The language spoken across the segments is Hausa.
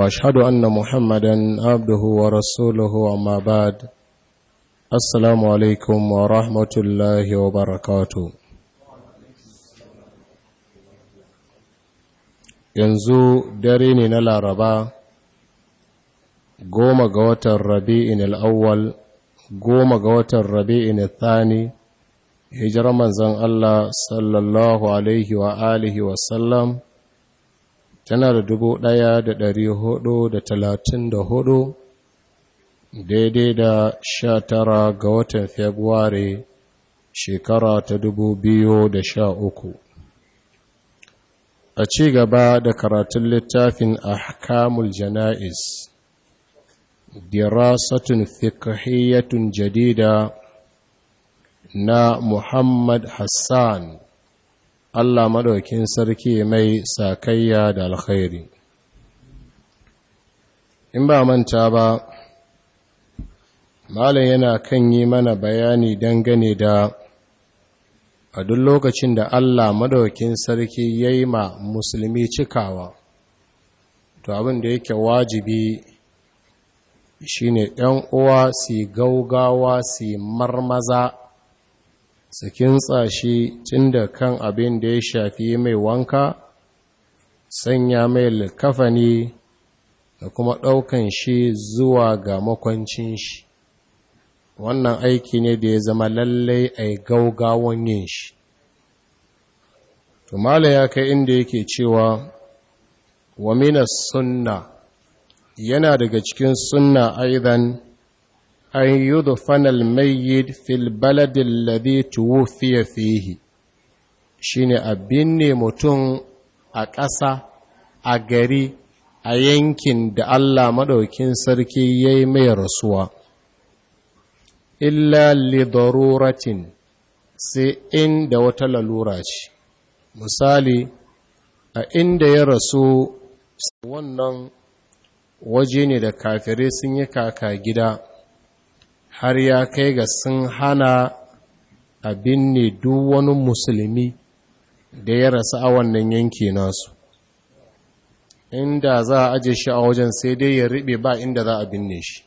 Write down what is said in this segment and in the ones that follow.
واشهد ان محمدا عبده ورسوله اما بعد السلام عليكم ورحمه الله وبركاته yanzu dare ne na laraba goma ga watan rabi'in al'awwal goma ga watan rabi'in al'thani hijirar manzan Allah sallallahu tana da dubu ɗaya da ɗari hudu da talatin da hudu daidai da sha tara ga watan februari shekara ta dubu biyu da sha uku a ci gaba da karatun littafin a ahkamul jana'iz dirasatun fiqhiyyatun jadida na muhammad hassan Allah maɗaukin sarki mai sakayya da alkhairi in ba manta ba malam yana kan yi mana bayani dangane da a duk lokacin da Allah madaukin sarki ya yi ma musulmi cikawa to abin da yake wajibi shine ɗan uwa su gaugawa su marmaza su kintsa tun da kan abin da ya shafi mai wanka sanya mai likafani da kuma ɗaukan shi zuwa ga makwancin shi wannan aiki ne da ya zama lallai a gaugawon yin shi tumala ya kai inda yake cewa wa mina sunna yana daga cikin sunna aidan an yudfana al-mayyit fil baladi alladhi fiye fihi shine a binne mutum a ƙasa a gari a yankin da Allah maɗaukin sarki ya yi mai rasuwa illa li sai inda wata lalura ce misali a inda ya rasu wannan waje ne da kafirai sun yi kaka gida har ya kai ga sun hana a binne duk wani musulmi da ya rasu a wannan yanki nasu inda za a aje shi a wajen sai dai ya riɓe ba inda za a binne shi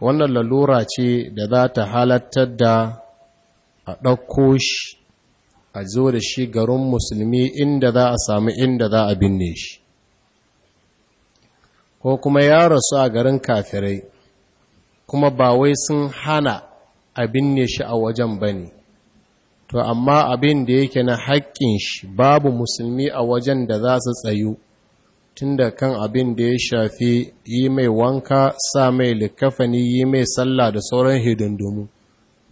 wannan lalura ce da za ta halattar da a ɗauko shi a zo da shi garin musulmi inda za a sami inda za a binne shi ko kuma ya rasu a garin kafirai kuma ba wai sun hana abin ne shi a wajen ba ne to amma abin da yake na haƙƙin shi babu musulmi a wajen da za su tsayu tunda kan abin da ya shafi yi mai wanka sa mai likafani yi mai sallah da sauran hidindumu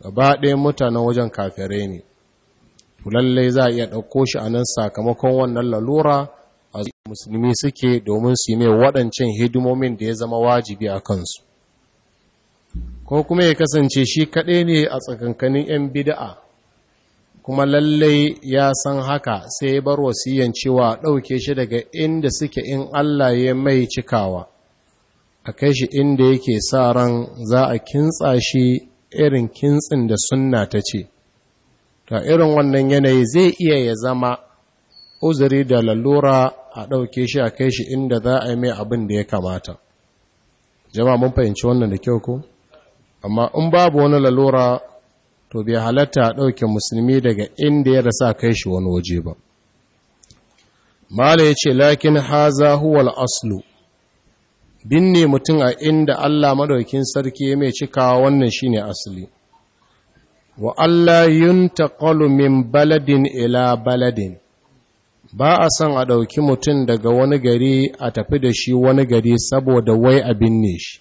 gaba ɗaya mutanen wajen kafirai ne lallai za a iya ɗauko shi a nan sakamakon wannan lalura a musulmi suke domin su yi mai waɗancan hidimomin da ya zama wajibi a kansu ko kuma ya kasance shi kaɗai ne a tsakankanin 'yan bida'a kuma lallai ya san haka sai bar wasiyan cewa ɗauke shi daga inda suke in Allah ya mai cikawa a kai shi inda yake sa ran za a kintsa shi irin kintsin da sunna ta ce ta irin wannan yanayi zai iya ya zama uzuri da lalura a ɗauke shi a kai shi inda za a yi mai abin da ya kamata jama'a mun fahimci wannan da kyau ko? amma in babu wani lalura to bai halatta ɗauke musulmi daga inda ya rasa kai shi wani waje ba mala ya ce lakin haza huwal aslu binne mutum a inda Allah madaukin sarki mai cikawa wannan shine asali wa Allah yuntaqalu min baladin ila baladin ba a son a ɗauki mutum daga wani gari a tafi da shi wani gari saboda wai a binne shi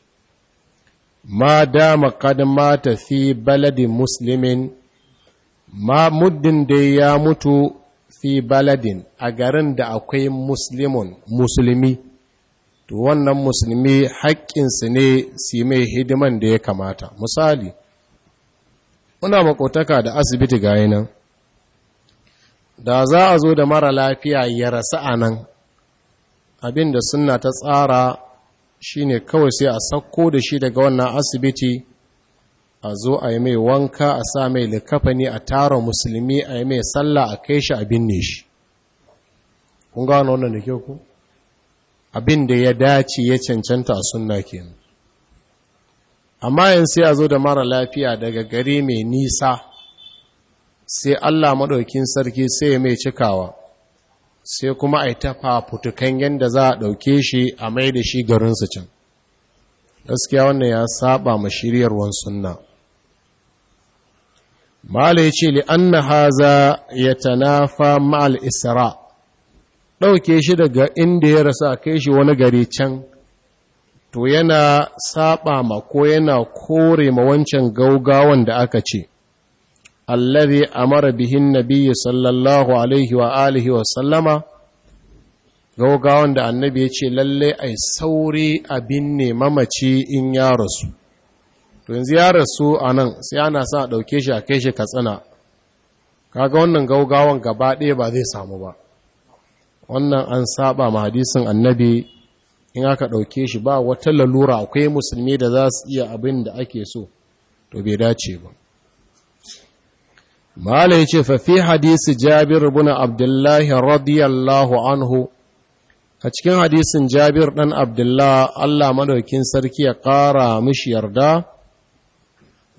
ma dama kad mata fi baladin muslimin ma muddin da ya mutu fi baladin a garin da akwai muslimun musulmi to wannan musulmi haƙƙinsu ne su mai hidiman da ya kamata misali muna makotaka da asibiti ga nan da za a zo da mara lafiya ya rasu a nan abinda suna ta tsara shine kawai sai a sakko da shi daga wannan asibiti a zo a yi mai wanka a sa mai likafani a tara musulmi a yi mai sallah a kai shi a binne shi kun gano wannan da ke ku abin da ya dace ya cancanta a sunna kenan amma yin sai a zo da mara lafiya daga gari mai nisa sai Allah maɗaukin sarki sai mai cikawa sai kuma a yi ta fafutukan yadda za a ɗauke shi a mai da shi garinsu can gaskiya wannan ya saba ma wani sunna mala ya ce na haza ya tanafa ma'al isra ɗauke shi daga inda ya rasa kai shi wani gari can to yana saba ma ko yana kore ma wancan gaugawan da aka ce a mara bihin nabiyyi sallallahu alaihi wa alihi wa sallama gaugawan da annabi ya ce lalle ai sauri abin ne mamaci in ya rasu to yanzu ya rasu a nan sai ana sa ɗauke shi a kai shi katsina kaga wannan gaugawan gaba ɗaya ba zai samu ba wannan an saba ma hadisin annabi in aka ɗauke shi ba wata lalura akwai musulmi da za su iya abin da ake so to bai dace ba mala ya ce fafi hadisi jabir bin abdullahi radiyallahu anhu a cikin hadisin jabir ɗan abdullah allah madaukin sarki ya ƙara mishi yarda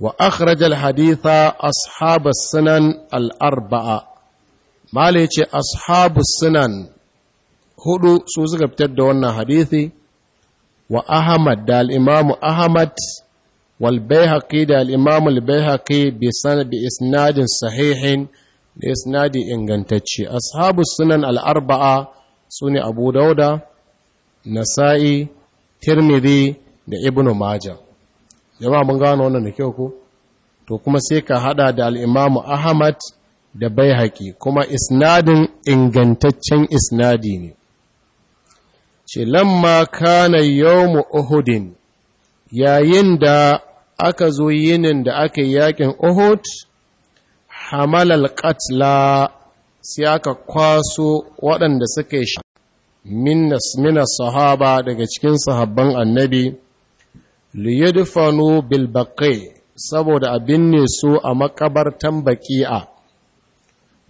wa akhrajal haditha ashabas sunan al'arba'a mala ya ce ashabus sunan hudu su suka fitar da wannan hadithi wa ahmad da al'imamu ahmad Walbaihaki da al baihaki al-baihaqi bi isnadin sahihin da isnadi ingantacce ashabu sunan al-arba'a sune abu dauda nasa'i tirmidhi da ibnu majah jama'a mun gano wannan da kyau ko to kuma sai ka haɗa da al ahmad da baihaqi kuma isnadin ingantaccen isnadi ne ce lamma kana yawmu uhudin yayin da aka zo yinin da aka yi yakin Uhud hamalal katla sai aka kwaso waɗanda suka yi minna sahaba daga cikin sahabban annabi liyadfanu bil baqi saboda abin ne su a makabartan baqi'a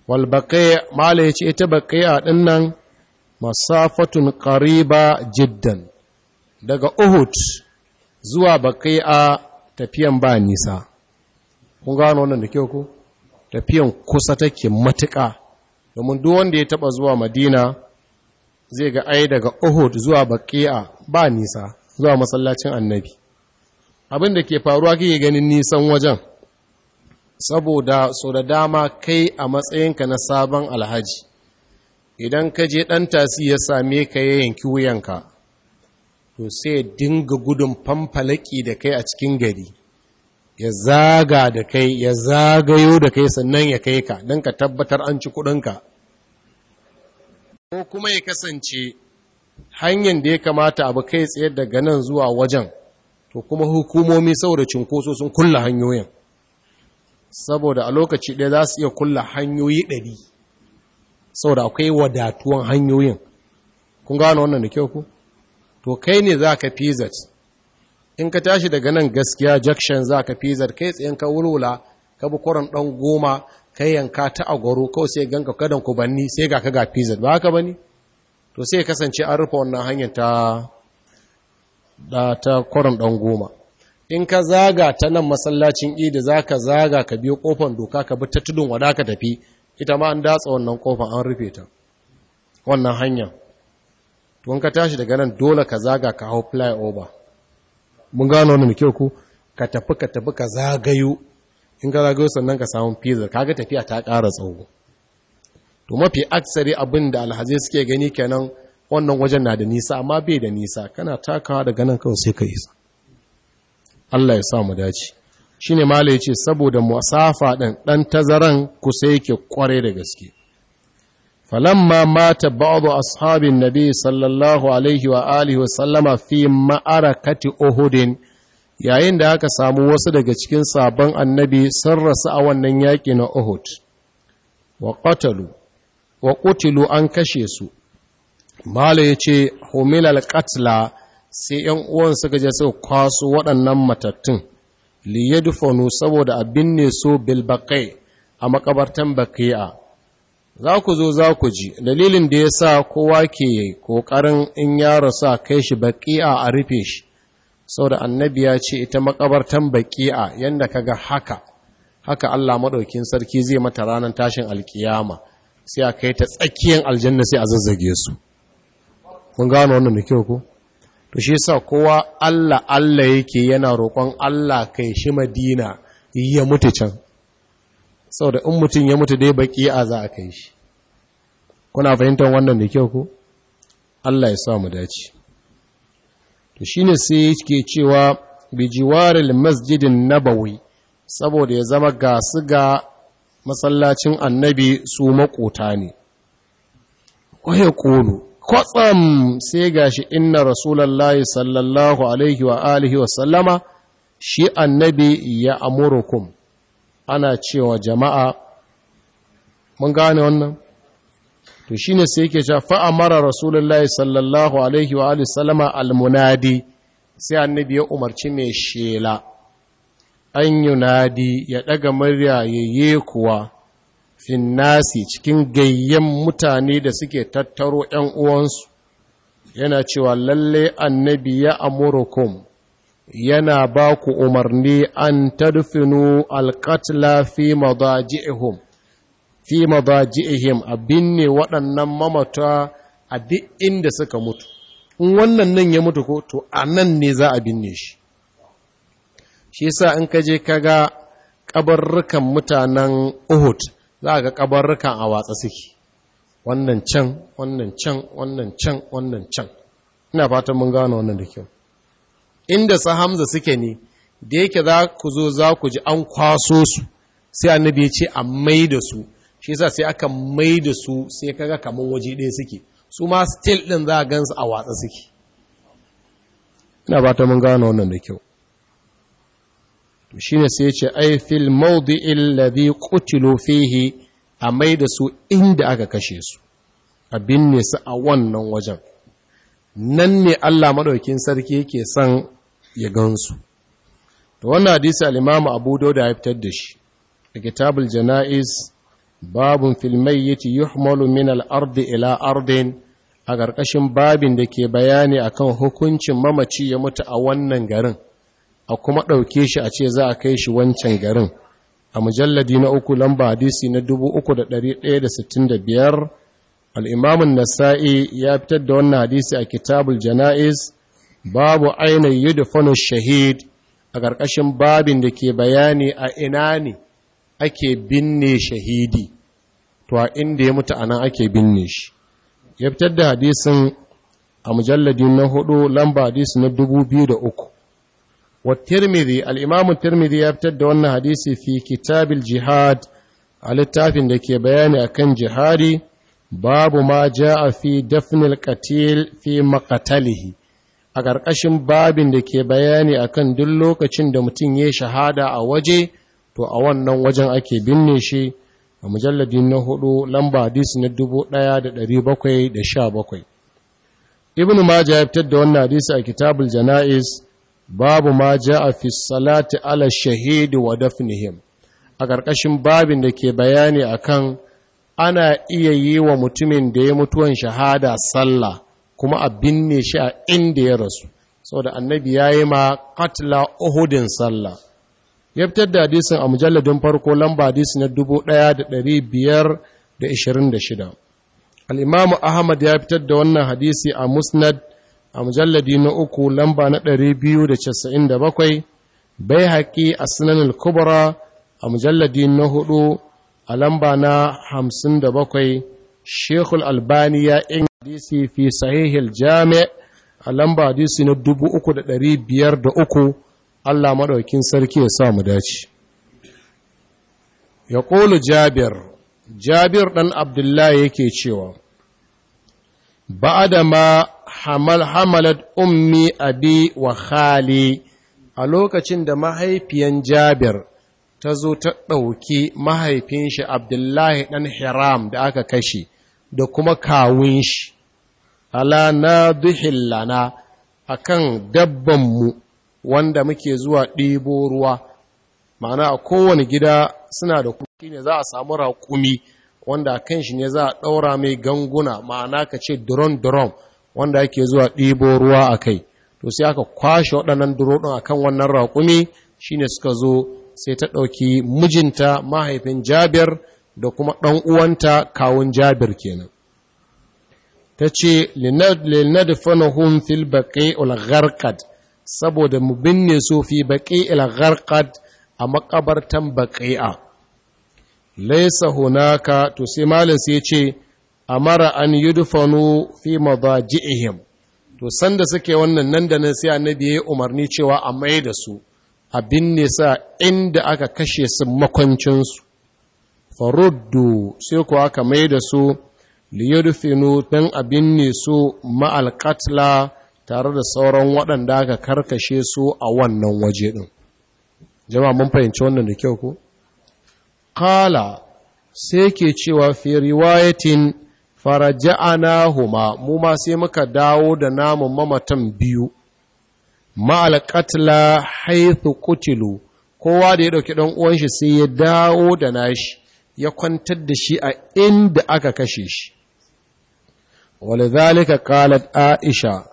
wal baqi mala yace ita baqi'a nan masafatun qariba jiddan daga Uhud zuwa baqi'a tafiyan ba nisa kun gano wannan da kyau ku tafiyan kusa take matuƙa domin duk wanda ya taba zuwa madina zai ga ai daga uhud zuwa baqi'a ba nisa zuwa masallacin annabi abin da ke faruwa kike ganin nisan wajen saboda so da dama kai a matsayinka na sabon alhaji idan ka je ɗan tasi ya same ka ya yanki wuyanka to sai dinga gudun famfalaki da kai a cikin gari ya zaga da kai ya zagayo da kai sannan ya kai ka don ka tabbatar an ci kudinka ko kuma ya kasance hanyar da ya kamata abu kai tsaye daga nan zuwa wajen to kuma hukumomi saboda cinkoso sun kulla hanyoyin saboda a lokaci ɗaya za su iya kulla hanyoyi ɗari saboda akwai wadatuwan hanyoyin kun gano wannan da kyau ku to kai ne za ka fizat in ka tashi daga nan gaskiya jakshan za ka fizat kai tsayen ka wulwula ka bi kwaron ɗan goma kai yanka ta agwaro kawai sai ka kadan ku banni sai ga ka ga fizat ba haka bani? to sai kasance an rufe wannan hanyar ta da ta kwaron ɗan goma in ka zaga ta nan masallacin idi za ka zaga ka biyo kofan doka ka bi ta tudun wada ka tafi ita ma an datsa wannan kofan an rufe ta wannan hanyar to ka tashi daga nan dole ka zaga ka hau flyover mun gano wani kyau ku ka tafi ka tafi ka zagayo in ka zagayo sannan ka samu pizza ga tafiya ta kara tsawo to mafi aksari abin da alhazai suke gani kenan wannan wajen na da nisa amma bai da nisa kana takawa daga nan kawai sai ka isa Allah ya sa mu dace shine malai yace saboda musafa ɗin ɗan tazaran kusa yake kware da gaske falamma mata ba'd ashabin nabi sallallahu alaihi wa alihi wa sallama fi ma'arakati uhud yayin da aka samu wasu daga cikin sabon annabi sun rasu a wannan yaƙi na uhud wa qatalu wa qutilu an kashe su mala yace humilal qatla sai yan uwan suka je suka kwaso waɗannan matattun liyadfanu saboda a binne so bilbakai a makabartan baqi'a za ku zo za ku ji dalilin da ya sa kowa ke ƙoƙarin in rasu a kai shi baƙi'a a rufe shi sau da annabi ya ce ita makabartan baƙi'a yadda ka ga haka haka Allah maɗaukin sarki zai mata ranar tashin alkiyama sai a kai ta tsakiyar aljanna sai a zazzage su mun gano wannan da kyau ko to shi sa kowa Allah Allah yake yana roƙon Allah kai shi Madina ya mutu can Sau da in mutum ya mutu dai baki a za a kai shi kuna fahimtar wannan da kyau ku? Allah ya sa mu dace to shine sai yake cewa bi jiwaril masjidin nabawi saboda ya zama gasu ga masallacin annabi su makota ne waye kulu kwatsam sai gashi inna rasulullahi sallallahu alaihi wa alihi wa sallama shi annabi ya amurukum ana cewa jama'a mun gane wannan to shine sai yake cewa fa amara rasulullahi sallallahu alaihi wa alihi sallama almunadi sai annabi ya umarci mai shela an yunadi ya ɗaga murya yayye kuwa finnasi cikin gayyen mutane da suke tattaro ‘yan uwansu, yana cewa lalle annabi ya amurukum yana ba ku umarni an tadfinu alkatla fi madaji'ihim fi madaji'ihim a binne waɗannan mamata a duk inda suka mutu in wannan nan ya mutu ko to a ne za a binne shi shi sa in ka je ka ga ƙabarrukan mutanen uhud za a ga ƙabarrukan a watsa suke wannan can wannan can wannan can wannan can ina fatan mun gano wannan da kyau inda su hamza suke ne da yake za ku zo za ku ji an kwaso su sai annabi ya ce a mai da su shi yasa sai aka mai da su sai kaga kamar waje ɗaya suke su ma still ɗin za a gansu a watsa suke ina ba ta mun gano wannan da kyau to shine sai ya ce ai fil mawdi'il ladhi qutilu fihi a mai da su inda aka kashe su a binne su a wannan wajen nan ne Allah maɗaukin sarki yake son ya gansu to wannan hadisi al-Imam Abu Dawud ya fitar da shi a Kitabul Janaiz babun fil mayyit yuhmalu min al-ard ila ardin a ƙarƙashin babin da ke bayani akan hukuncin mamaci ya mutu a wannan garin a kuma ɗauke shi a ce za a kai shi wancan garin a mujalladi na uku lamba hadisi na 3165 al'imamun nasa'i ya fitar da wannan hadisi a kitabul jana'iz babu ainihin yudufanu shahid a ƙarƙashin babin da ke bayani a ina ne ake binne shahidi to a inda ya mutu anan ake binne shi ya fitar da hadisin a mujalladi na hudu lamba hadisi na dubu biyu da uku wa tirmidhi al'imamun tirmidhi ya fitar da wannan hadisi fi kitabil jihad a littafin da ke bayani a kan jihadi babu ma ja a fi dafnil katil fi makatalihi a ƙarƙashin babin da ke bayani akan duk lokacin da mutum ya shahada a waje to a wannan wajen ake binne shi a mujalladi na hudu lamba hadisi na 1717 ibn majah ya fitar da wannan hadisi a kitabul janaiz babu ma ja a fi salati ala shahidi wa dafnihim a ƙarƙashin babin da ke bayani akan ana iya yi wa mutumin da ya mutuwan shahada sallah kuma a binne shi a inda ya rasu saboda annabi ya yi ma katla uhudin sallah ya fitar da hadisin a mujalladin farko lamba hadisi na 1526 al'imamu ahmad ya fitar da wannan hadisi a musnad a mujalladi na uku lamba na 297 bai haƙi a sunan al a mujalladi na hudu a lamba na hamsin da bakwai shekul albani ya in hadisi fi sahihil jami' a lamba hadisi na dubu uku da da biyar uku, Allah maɗaukin sarki ya sa mu dace ya ƙolu jabir jabir ɗan abdullahi yake cewa ba adama hamal hamalat ummi abi wa khali a lokacin da mahaifiyan jabir ta zo ta ɗauki mahaifin shi abdullahi ɗan hiram da aka kashe da kuma kawun shi ala na duhillana a kan dabbanmu wanda muke zuwa ɗibo ruwa ma'ana a kowane gida suna da kuki ne za a samu raƙumi wanda kan shi ne za a ɗaura mai ganguna ma'ana ka ce duron-duron wanda ake zuwa ɗibo ruwa a kai to sai aka kwashe waɗannan duro ɗin kan wannan raƙumi ne suka zo sai ta ɗauki mijinta mahaifin jabir da kuma ɗan uwanta kawun jabir kenan ta ce linadfanahum fil baƙe ul saboda mu binne su fi baƙe ul a makabartan baqi'a laysa hunaka to sai malam sai ce a mara an yudfanu fi mabaji'ihim to sanda suke wannan nan da nan sai annabi ya yi umarni cewa a mai da su abin sa inda aka kashe su makoncinsu faruddu sai kuwa aka mai da su liyarfinu don abin ne su ma'alƙatla tare da sauran waɗanda aka karkashe su a wannan waje ɗin jama'a mun fahimci wannan da kyau ko kala sai ke cewa fi riwayatin faraja'ana huma mu ma sai muka dawo da namun mamatan biyu ma'al katla haythu kutilu kowa da ya ɗauki dan uwan shi sai ya dawo da nashi ya kwantar da shi a inda aka kashe shi zalika qalat aisha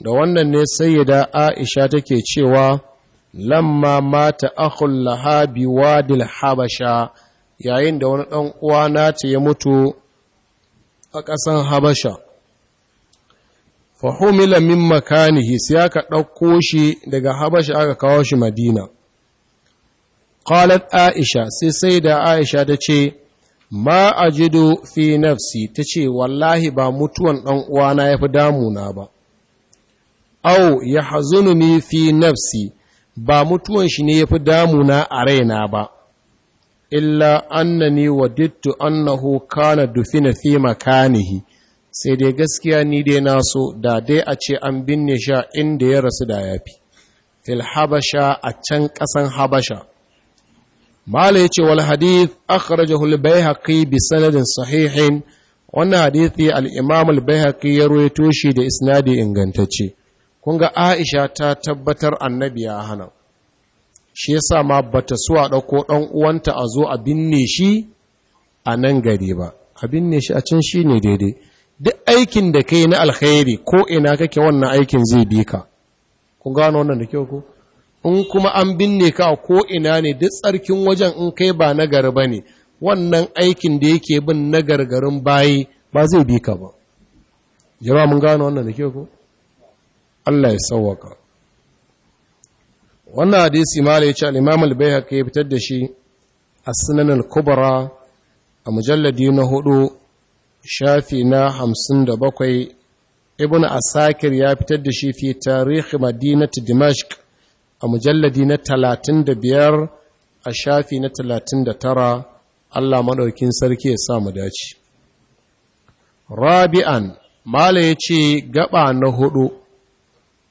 da wannan ne sayyida aisha take cewa lamma mata akhul lahabi wadil habasha yayin da wani dan uwa nata ya mutu a ƙasan habasha fa humila min makanihi sai aka ɗauko shi daga Habasha aka kawo shi madina qalat aisha sai sai da aisha ta ce ma ajidu fi nafsi ta ce wallahi ba mutuwan ɗan uwana ya fi damuna ba au ya hazununi fi nafsi ba mutuwan shi ne ya fi damuna a raina ba illa annani wadittu annahu kana dufina fi makanihi sai dai gaskiya ni dai na so da dai a ce an binne sha inda ya rasu da ya fi fil habasha a can ƙasan habasha mala ya ce wal hadith akhrajahu al bayhaqi bi sanadin sahihin wannan hadithi al imam al bayhaqi ya rawaito shi da isnadi ingantacce kun ga aisha ta tabbatar annabi ya hana shi yasa ma bata so a ɗauko ɗan uwanta a zo a binne shi a nan gari ba a binne shi a can shi ne daidai duk aikin da kai na alkhairi ko ina kake wannan aikin zai bi ka kun gano wannan da kyau ko in kuma an binne ka ko ina ne duk tsarkin wajen in kai ba nagari ba ne wannan aikin da yake bin nagargarin bayi ba zai bi ka ba jira mun gano wannan da kyau ko Allah ya sauwaka wannan hadisi ma ya ce al-Imam al ya fitar da shi a sunanin kubra a mujalladi na hudu shafi na hamsin da bakwai ibn asakir ya fitar da shi fi tarihi madinat dimashq a mujalladi na talatin da biyar a shafi na talatin da tara allah maɗaukin sarki ya sa mu dace rabi'an mala ya ce gaba na hudu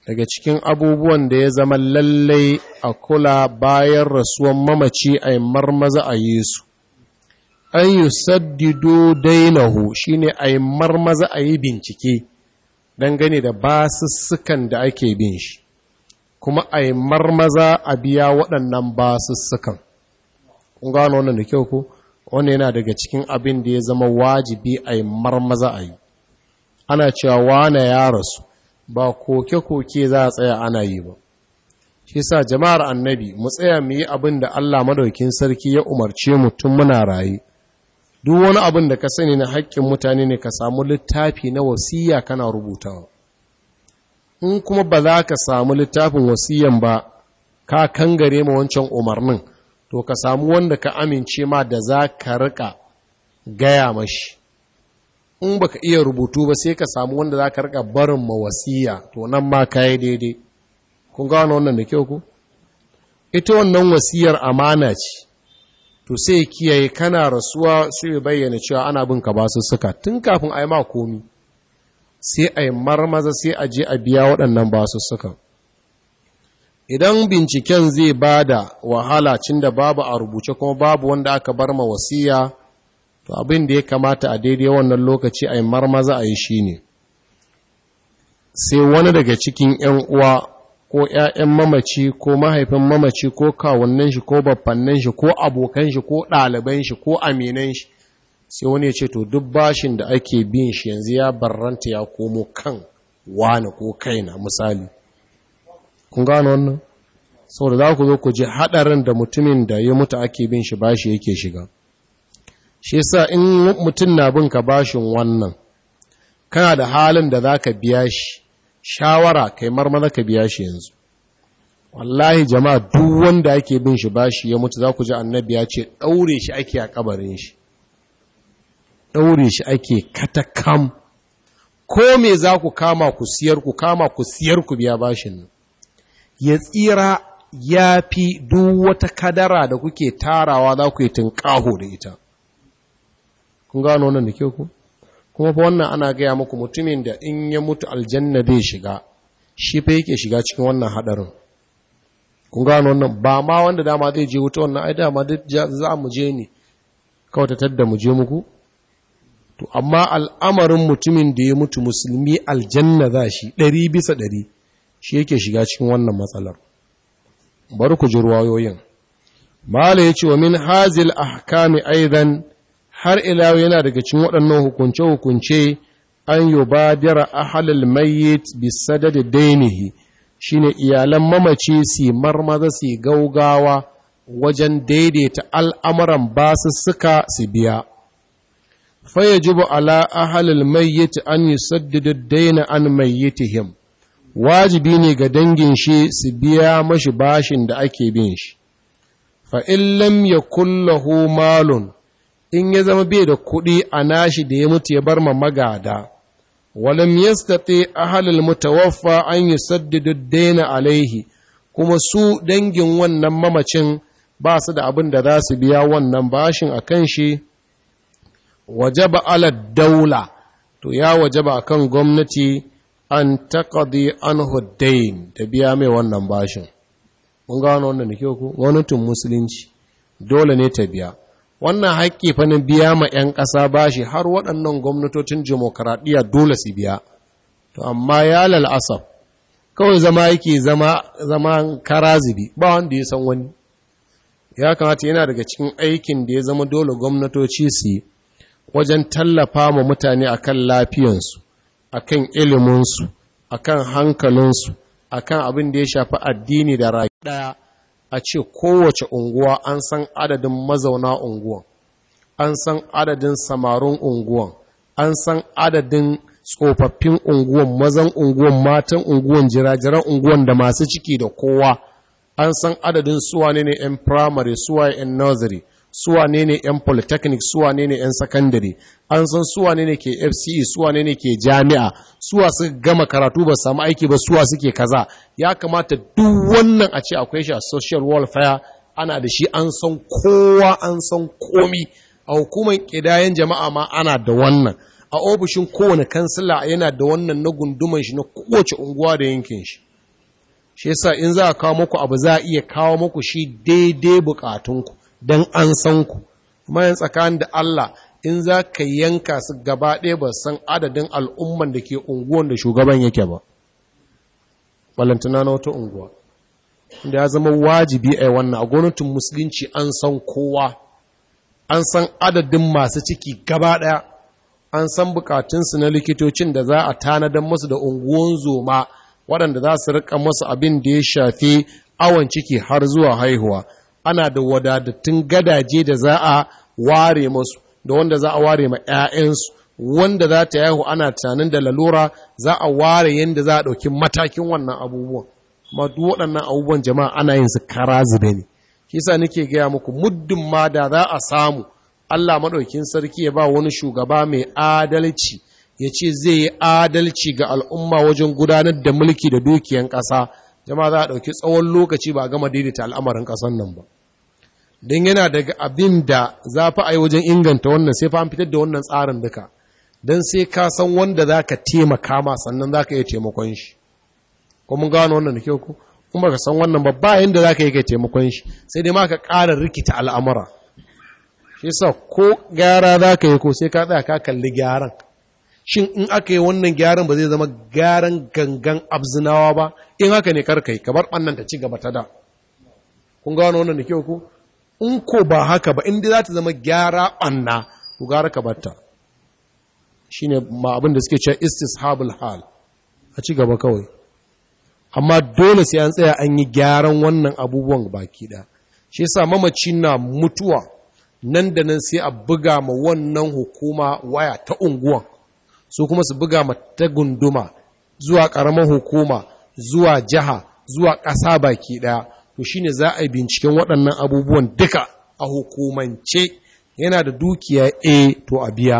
daga cikin abubuwan da ya zama lallai a kula bayan rasuwan mamaci a yi marmaza a yesu an yi saddido dainahu shi ne a yi marmaza a yi bincike dangane da basussukan da ake bin shi kuma a yi marmaza a biya waɗannan basussukan kun gano wannan da kyau ko wani yana daga cikin abin da ya zama wajibi a yi marmaza a yi ana cewa wane ya rasu ba koke-koke za a tsaya ana yi ba shi sa jama'ar annabi mu tsaya mu yi abin da Allah madaukin sarki ya umarce mu tun muna raye duk wani abin da ka sani na haƙƙin mutane ne ka samu littafi na wasiya kana rubutawa in kuma ba za ka samu littafin wasiyan ba ka kangare ma wancan umarnin to ka samu wanda ka amince ma da za ka rika gaya mashi in baka iya rubutu ba sai ka samu wanda za ka rika barin ma wasiya to nan ma ka yi daidai kun gano wannan da kyau ku ita wannan wasiyar amana ce to sai kiyaye kana rasuwa sai bayyana cewa ana bin ka suka, tun kafin a yi ma komi sai a yi marmaza sai a je a biya waɗannan suka. idan binciken zai ba da wahala cin da babu a rubuce kuma babu wanda aka bar ma wasiya to abin da ya kamata a daidai wannan lokaci a yi marmaza a yi shi ne sai wani daga cikin 'yan uwa ko ‘ya'yan mamaci ko mahaifin mamaci ko kawunan shi ko babbannin shi ko abokan shi ko ɗaliban shi ko aminan shi sai wani ya ce to duk bashin da ake bin shi yanzu ya barranta ya komo kan wani ko kai na, misali kun gano wannan sau da za ku zo ku ji haɗarin da mutumin da ya mutu ake bin shi bashi yake shiga shi sa in mutum na bin ka bashin wannan kana da halin da za ka biya shi shawara kai marmara ka biya shi yanzu wallahi jama'a duk wanda ake bin shi bashi ya mutu za ku ji annabi ya ce ɗaure shi ake a kabarin shi ɗaure shi ake katakam ko me za ku kama ku siyar ku kama ku siyar ku biya bashin nan ya tsira ya fi duk wata kadara da kuke tarawa za ku yi tunƙaho da ita kun gano nan da kyau ku kuma fa wannan ana gaya muku mutumin da in ya mutu aljanna zai shiga shi fa yake shiga cikin wannan hadarin kun gano wannan ba ma wanda dama zai je wuta wannan ai dama za mu je ne kawai tattar da mu je muku to amma al'amarin mutumin da ya mutu musulmi aljanna za shi ɗari bisa ɗari shi yake shiga cikin wannan matsalar bari ku ji ruwayoyin mala ya ce wa min hazil ahkami aidan har ila yana daga cikin waɗannan hukunce-hukunce an yi badira a halal mayyit bisa da dainihi shi ne iyalan mamaci si marmaza si gaugawa wajen daidaita al'amuran ba su biya fayyajibu ala a halal mayyit an yi saddada daina an mayyitihim wajibi ne ga dangin shi su biya mashi bashin da ake bin shi fa'in lam ya kullahu malun in ya zama bai da kuɗi a nashi da ya mutu ya bar ma magada walam mu tawaffa mutawaffa an yusaddidu daina alaihi kuma su dangin wannan mamacin ba su da abin da za su biya wannan bashin a kan shi wajaba ala daula to ya wajaba kan gwamnati an taqadi an hudayin da biya mai wannan bashin mun gano wannan da kyau ku gwamnatin musulunci dole ne ta biya wannan haƙƙi fa na biya ma 'yan ƙasa ba shi har waɗannan gwamnatocin jimokaraɗiyya dole su biya to amma ya lal'asar kawai zama yake zama karazibi ba wanda ya san wani ya kamata yana daga cikin aikin da ya zama dole gwamnatoci su yi wajen tallafa ma mutane a akan lafiyansu akan iliminsu kan hankalinsu a kan abin da ya shafi addini da rayu a ce kowace unguwa an san adadin mazauna unguwan an san adadin samarin unguwan an san adadin tsofaffin unguwan mazan unguwan matan unguwan jirajiran unguwan da masu ciki da kowa an san adadin suwa ne 'yan firamare suwa 'yan nursery Suwa ne yan polytechnic Suwa ne yan secondary an san suwa ne ke fce Suwa ne ke jami'a suwa suka gama karatu ba samu aiki ba suwa suke kaza ya kamata duk wannan a ce akwai shi a social welfare ana da shi an san kowa an san komi a hukumar ƙidayen jama'a ma ana da wannan a ofishin kowane kansila yana da wannan na gunduman shi na kowace unguwa da yankin shi shi yasa in za a kawo muku abu za a iya kawo muku shi daidai bukatunku don an san ku mayan tsakanin da Allah in za ka yanka su gaba ɗaya ba san adadin al'umman da ke unguwan da shugaban yake ba balantana na wata unguwa da ya zama wajibi a wannan a gwamnatin musulunci an san kowa an san adadin masu ciki gaba ɗaya an san bukatunsu na likitocin da za a tanadar masu da unguwan zoma waɗanda za su riƙa masu abin da ya shafi awon ciki har zuwa haihuwa ana da wadatattun gadaje da za a ware masu da wanda za a ware ma 'ya'yansu wanda za ta yahu ana tunanin da lalura za a ware yadda za a ɗauki matakin wannan abubuwan amma duk waɗannan abubuwan jama'a ana yin su kara zube ne shi sa nake gaya muku muddin ma da za a samu Allah maɗaukin sarki ya ba wani shugaba mai adalci ya ce zai yi adalci ga al'umma wajen gudanar da mulki da dukiyan ƙasa jama'a za a ɗauki tsawon lokaci ba a gama daidaita al'amarin ƙasan nan ba don yana daga abin da za fi a yi wajen inganta wannan sai fa an fitar da wannan tsarin duka don sai ka san wanda za ka taimaka ma sannan za ka iya taimakon shi ko mun gano wannan da kyau kuma ba ka san wannan ba ba da za ka yi taimakon shi sai dai ma ka ƙara rikita al'amura shi sa ko gyara za ka yi ko sai ka tsaya ka kalli gyaran shin in aka yi wannan gyaran ba zai zama gyaran gangan abzinawa ba in haka ne karkai ka kamar ɓannan ta ci gaba ta da kun gano wannan da kyau ko in ko ba haka ba inda za ta zama gyara ɓanna ku gara ka batta shi ne ma abin da suke istis Habul hal a ci gaba kawai amma dole sai an tsaya an yi gyaran wannan abubuwan baki ɗaya shi sa mamaci na mutuwa nan da nan sai a buga ma wannan hukuma waya ta unguwan su kuma su buga ma ta gunduma zuwa ƙaramar hukuma zuwa jiha zuwa ƙasa baki ɗaya to ne za a yi binciken waɗannan abubuwan duka a hukumance yana da dukiya a eh, to a biya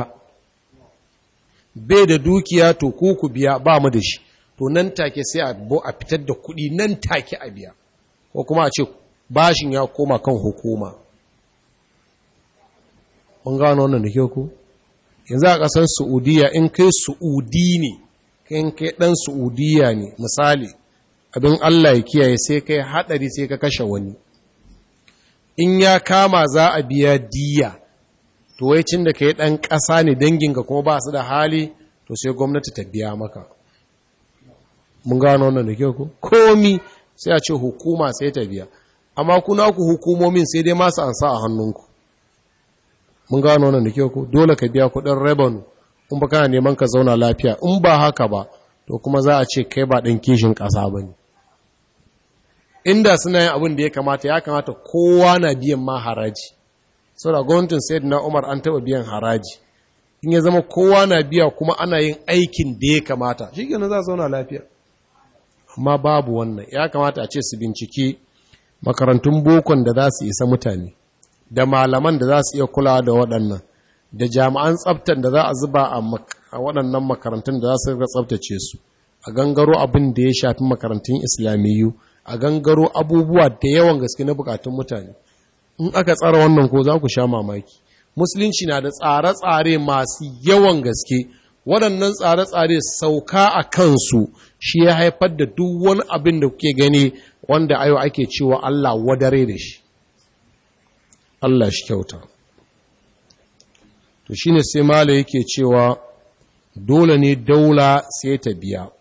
bai da dukiya to ko ku biya ba mu da shi to nan take sai a bo a fitar da kuɗi nan take a biya ko kuma a ce bashin ya koma kan hukuma mun gano wannan da kyau yanzu a ƙasar Saudiya in kai Saudi ne in kai ɗan Saudiya ne misali abin Allah ya kiyaye sai kai haɗari sai ka kashe wani in ya kama za a biya diya to wai cin da kai ɗan kasa ne danginka kuma ba su da hali to sai gwamnati ta biya maka mun gano wannan da kyau ko komi sai a ce hukuma sai ta biya amma kuna ku hukumomin sai dai masu ansa a hannunku mun gano wannan da kyau ko dole ka biya kuɗin revenue in ba kana neman ka zauna lafiya in ba haka ba to kuma za a ce kai ba ɗan kishin ƙasa bane inda suna yin abin da ya kamata ya kamata kowa na biyan ma haraji da gwamnatin said na umar an taba biyan haraji in ya zama kowa na biya kuma ana yin aikin da ya kamata shi kenan za zauna lafiya amma babu wannan ya kamata a ce su bincike makarantun bokon da za su isa mutane da malaman da za su iya kulawa da waɗannan da jami'an tsaftar da za a zuba a waɗannan makarantun da za su ga tsaftace su a gangaro abin da ya shafi makarantun islamiyyu a gangaro abubuwa da yawan gaske na bukatun mutane in aka tsara wannan ko za ku sha mamaki musulunci na da tsare-tsare masu yawan gaske waɗannan tsare-tsare sauka a kansu shi ya haifar da duk wani abin da kuke gani wanda ayo ake cewa Allah wadare da shi Allah shi kyauta to shine sai mala yake cewa dole ne daula sai ta biya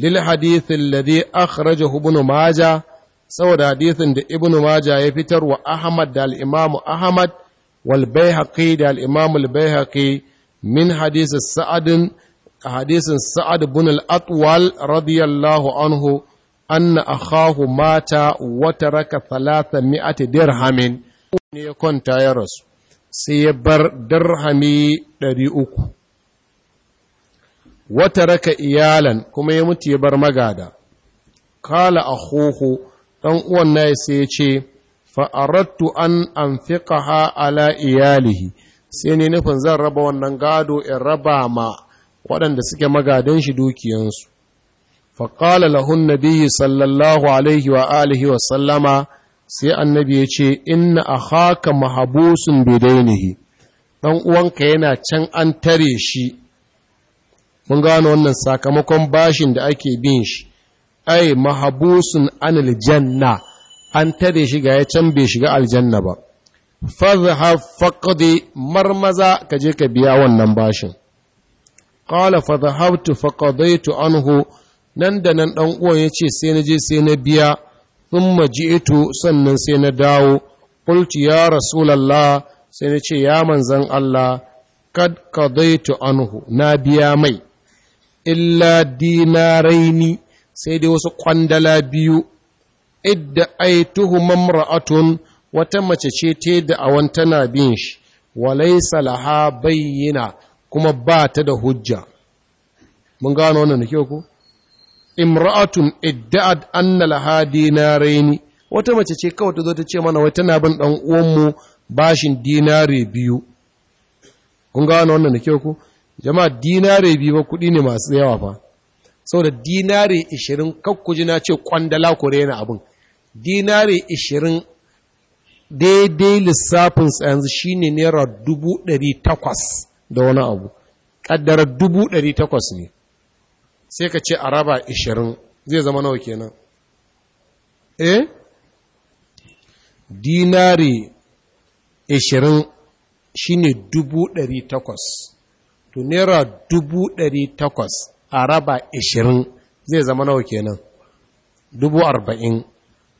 lil hadithin ladhi akhrajahu ibn majah saboda hadithin da ibn majah ya fitar wa ahmad da al ahmad wal baihaqi da al-imam al-baihaqi min hadith sa'ad hadisin sa'ad ibn atwal radiyallahu anhu anna akhahu mata wata wa taraka 300 dirhamin ne ya kwanta ya rasu sai ya bar dirhami 300 wata raka iyalan kuma ya mutu ya bar magada kala a hoho ɗan uwan na sai ce fa'arattu an ha ala iyalihi sai ne nufin zan raba wannan gado in raba ma waɗanda suke magadan shi dukiyansu faƙala lahun nabiyyi sallallahu alaihi wa alihi wa sallama sai annabi ya ce inna a haka mahabusun bidainihi ɗan uwanka yana can an tare shi mun gano wannan sakamakon bashin da ake bin shi ai mahabusun anil janna an tare shi ga ya can bai shiga aljanna ba fadhhab faqdi marmaza kaje ka biya wannan bashin qala fadhhabtu faqadaitu anhu nan da nan dan uwan yace sai na je sai na biya thumma ji'tu sannan sai na dawo qultu ya rasulullah sai na ce ya manzan Allah kad qadaitu anhu na biya mai illa dinaraini sai dai wasu kwandala biyu idda aituhu mamra'atun wata mace ce te da awan tana bin shi walaysa laha bayyana kuma ba ta da hujja mun gano wannan da ko imra'atun idda'at anna laha dinaraini wata mace ce kawai ta zo ta ce mana wai tana bin dan mu bashin dinare biyu kun gano wannan da ko jama'a dinare biyu ba kuɗi ne masu yawa fa saboda dinare 20 kakkuji na ce kwandala ku rena abin dinare 20 daidai lissafin yanzu shine naira 800 da wani abu kaddara 800 ne sai ka ce a raba 20 zai zama nawa kenan eh dinare 20 shine 800 to naira dubu ɗari takwas a raba ashirin zai zama nawa kenan dubu arba'in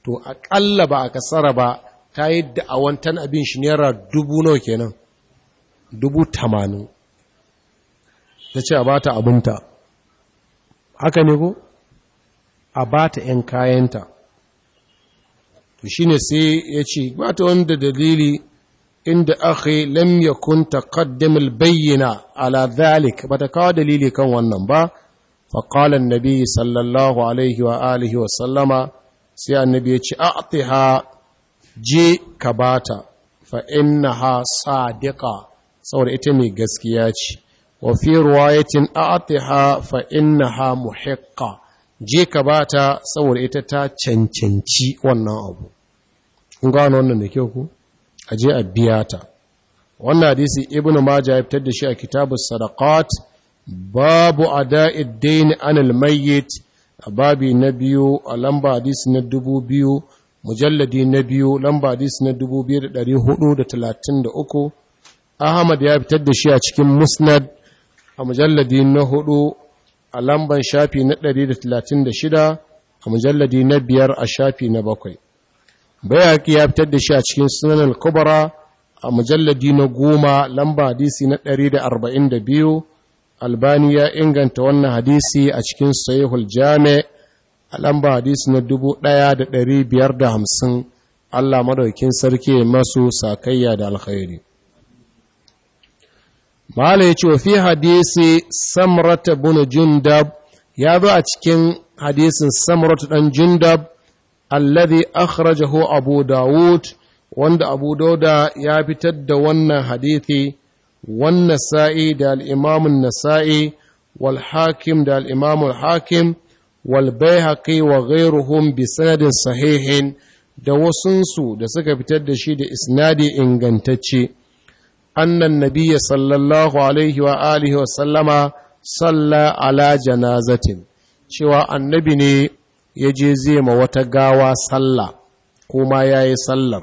to aƙalla ba a kasara ba ta yi da'awantan abin shi naira dubu nawa kenan dubu tamanin ta ce a ba ta abinta haka ne ko a ba ta 'yan kayanta to shi ne sai ya ce ba ta wanda dalili inda akhi lam yakun taqaddam al-bayyina ala dhalik bata kawo dalili kan wannan ba fa qala an-nabi sallallahu alaihi wa alihi wa sallama sai annabi ya ce a'tiha je ka fa innaha sadiqa saboda ita mai gaskiya ce wa fi riwayatin a'tiha fa innaha muhiqqa je ka bata saboda ita ta cancanci wannan abu kun gano wannan da kyau ku a je a biya ta wannan hadisi ibnu majah ya fitar da shi a kitabus sadaqat babu ada'id dayn anil mayyit a babi na biyu a lamba hadisi na dubu biyu mujalladi na biyu lamba hadisi na dubu biyu da ɗari hudu da talatin da uku ahmad ya fitar da shi a cikin musnad a mujalladi na hudu a lamban shafi na ɗari da talatin da shida a mujalladi na biyar a shafi na bakwai bayaki ya fitar da shi a cikin sunan al-kubra a mujalladi na goma lamba hadisi na 142 albani ya inganta wannan hadisi a cikin sahihul jami a lamba hadisi na 1550 Allah madaukin sarki masu sakayya da alkhairi malai ce wa fi hadisi samrata bin jundab ya zo a cikin hadisin samrata dan jundab alladhi akhrajahu abu dawud wanda abu dauda ya fitar da wannan hadithi wannan sa'i da al'imamun nasa'i wal hakim da al'imamun hakim wal bayhaqi wa ghairuhum bi sanadin sahihin da wasunsu da suka fitar da shi da isnadi ingantacce annan nabiyya sallallahu alaihi wa alihi wa sallama salla ala janazatin cewa annabi ne ya je zai ma wata gawa sallah kuma ya yi sallar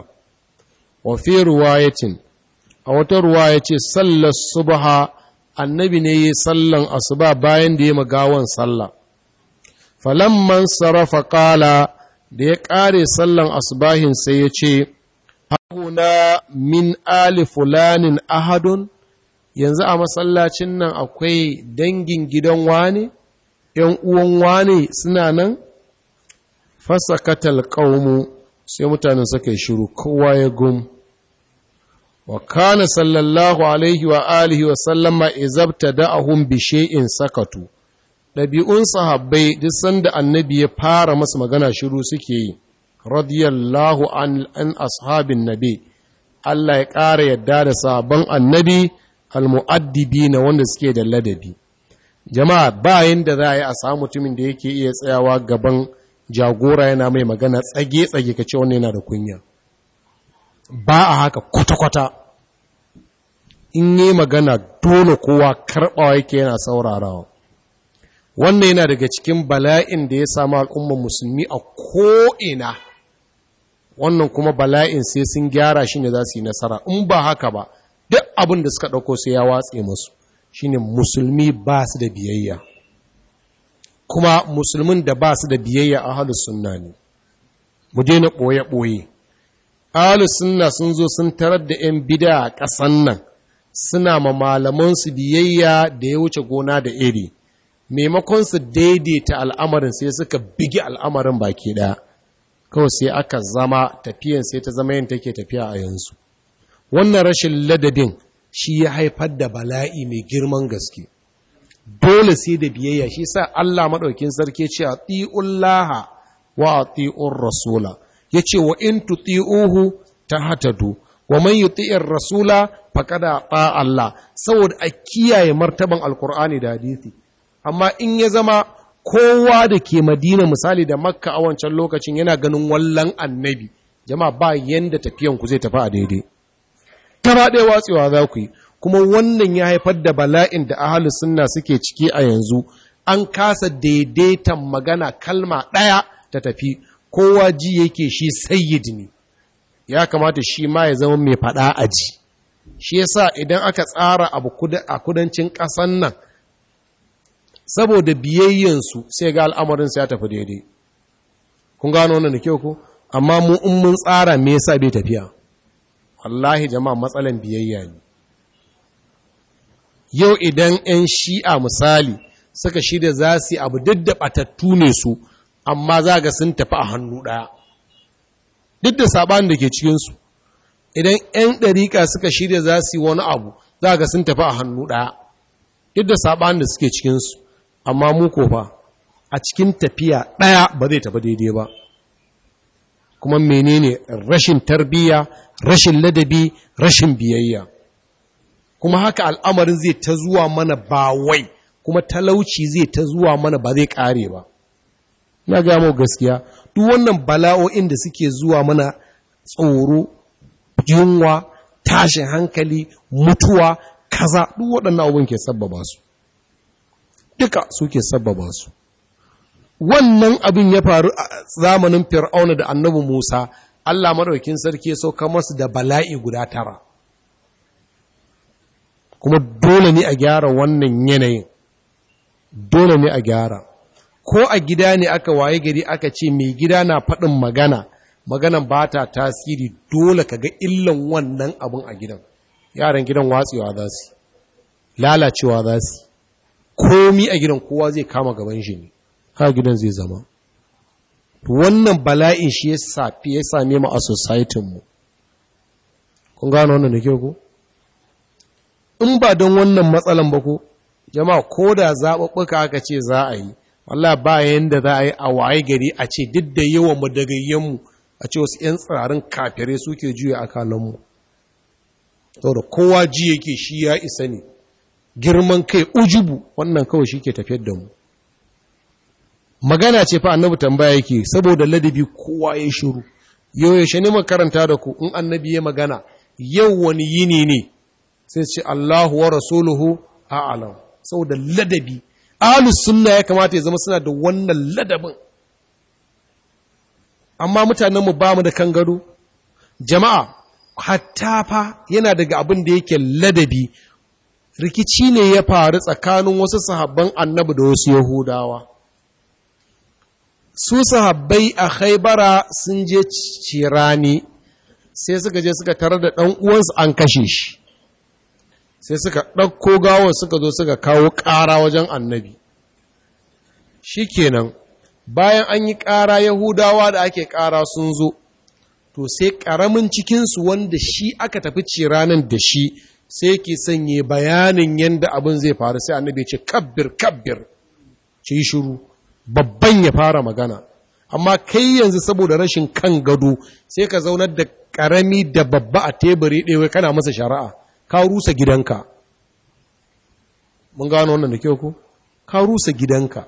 wa fi ruwayatin a wata ruwa ya ce sallar subha annabi ne ya yi sallan asuba bayan da ya ma gawan sallah falamman sarrafa kala da ya ƙare sallan asubahin sai ya ce haguna min ali fulanin ahadun yanzu a masallacin nan akwai dangin gidan wani ‘yan uwan wani suna nan fasakatal qaumu sai mutanen suka yi shiru kowa ya gum wa kana sallallahu alaihi wa alihi wa sallama izabta da'ahum bi shay'in sakatu ɗabi'un sahabbai duk sanda annabi ya fara masa magana shiru suke yi radiyallahu an ashabin nabi Allah ya ƙara yadda da sabon annabi almu'addibi na wanda suke da ladabi jama'a bayan da za a yi a samu mutumin da yake iya tsayawa gaban jagora yana mai magana tsage-tsage ka ce wannan yana da kunya ba a haka kwata-kwata in yi magana dole kowa karɓawa yake yana saurarawa wannan yana daga cikin bala'in da ya samu al'ummar musulmi a ko'ina wannan kuma bala'in sai sun gyara shi ne za su yi nasara in ba haka ba duk abin da suka ɗauko sai ya watse musu shine musulmi ba su da biyayya kuma musulmin da ba su da biyayya a halus sunna ne mu daina ɓoye-ɓoye halus sunna sun zo sun tarar da 'yan bida a ƙasan nan suna ma malamansu biyayya da ya wuce gona da iri maimakon su daidaita al'amarin sai suka bigi al'amarin baki ɗaya kawai sai aka zama tafiyan sai ta zama yin take tafiya a yanzu wannan rashin ladadin shi ya haifar da bala'i mai girman gaske dole sai da biyayya shi sa Allah maɗaukin sarki ce a Laha wa a rasula yace wa in tuti'uhu ta hatadu wa man yuti'ir rasula faqada ta Allah saboda a kiyaye martaban alkur'ani da hadisi amma in ya zama kowa da ke Madina misali da Makka a wancan lokacin yana ganin wallan annabi jama'a ba yanda tafiyan ku zai tafi a daidai tara ɗaya watsewa za ku yi kuma wannan ya haifar da bala'in da ahalu sunna suke ciki a yanzu an kasa daidaitan magana kalma ɗaya ta tafi kowa ji yake shi sayyid ne ya kamata shi ma ya zama mai faɗa a ji shi yasa idan aka tsara abu a kudancin ƙasan nan saboda biyayyansu sai ga al'amarinsu ya tafi daidai kun gano wannan da kyau ko amma mu mun tsara me yasa bai tafiya wallahi jama'a matsalan biyayya ne yau idan 'yan shi'a misali suka shirya za su abu duk da ɓatattu ne su amma za ga sun tafi a hannu ɗaya duk da saɓanin da ke cikinsu idan 'yan ɗariƙa suka shirya za su wani abu za ga sun tafi a hannu ɗaya duk da saɓanin da suke cikinsu amma mu ko fa a cikin tafiya ɗaya ba zai tafi daidai ba kuma menene rashin tarbiyya rashin ladabi rashin biyayya kuma haka al'amarin zai ta zuwa mana ba wai kuma talauci zai ta zuwa mana ba zai ƙare ba na gamo gaskiya duk wannan bala'o'in da suke zuwa mana tsoro yunwa tashin hankali mutuwa kaza duk waɗannan abin ke sabbaba su duka suke sabbaba su wannan abin ya faru a zamanin fir'auna da annabi musa allah maɗaukin sarki ya sauka masu da bala'i guda tara kuma dole ne a gyara wannan yanayin dole ne a gyara ko a gida ne aka waye gari aka ce mai gida na faɗin magana maganan ba ta tasiri dole ka ga illan wannan abin a gidan yaran gidan watsewa za su lalacewa za su komi a gidan kowa zai kama gaban shi ne ka gidan zai zama wannan bala'in shi ya same mu a societinmu kun gano wannan da kyau ko in ba don wannan matsalan ba ko jama'a ko da zaɓaɓɓuka aka ce za a yi wallah ba yanda za a yi a waye gari a ce duk da yawan mu dagayyenmu a ce wasu 'yan tsirarin kafirai suke juya a mu saboda kowa ji yake shi ya isa ne girman kai ujubu wannan kawai shi ke tafiyar da mu magana ce fa annabi tambaya yake saboda ladabi kowa ya shiru yau ya shani makaranta da ku in annabi ya magana yau wani yini ne sai ce Allahu wa rasuluhu a'lam saboda ladabi ahlus sunna ya kamata ya zama suna da wannan ladabin amma mutanenmu ba mu da gado jama'a hatta fa yana daga abin da yake ladabi rikici ne ya faru tsakanin wasu sahabban annabi da wasu yahudawa su sahabbai a haibara sun je cirani sai suka je suka tare da ɗan uwansu an kashe shi sai suka ɗauko gawon suka zo suka kawo ƙara wajen annabi shi kenan bayan an yi ƙara yahudawa da ake ƙara sun zo to sai ƙaramin cikinsu wanda shi aka tafi ci ranar da shi sai ke sanye bayanin yadda abin zai faru sai annabi ce kabbir kabbir ce yi babban ya fara magana amma kai yanzu saboda rashin kan gado sai ka zaunar da ƙarami da babba a teburi ɗewa kana masa shari'a ka rusa gidanka mun gano wannan da kyau ku? ka rusa gidanka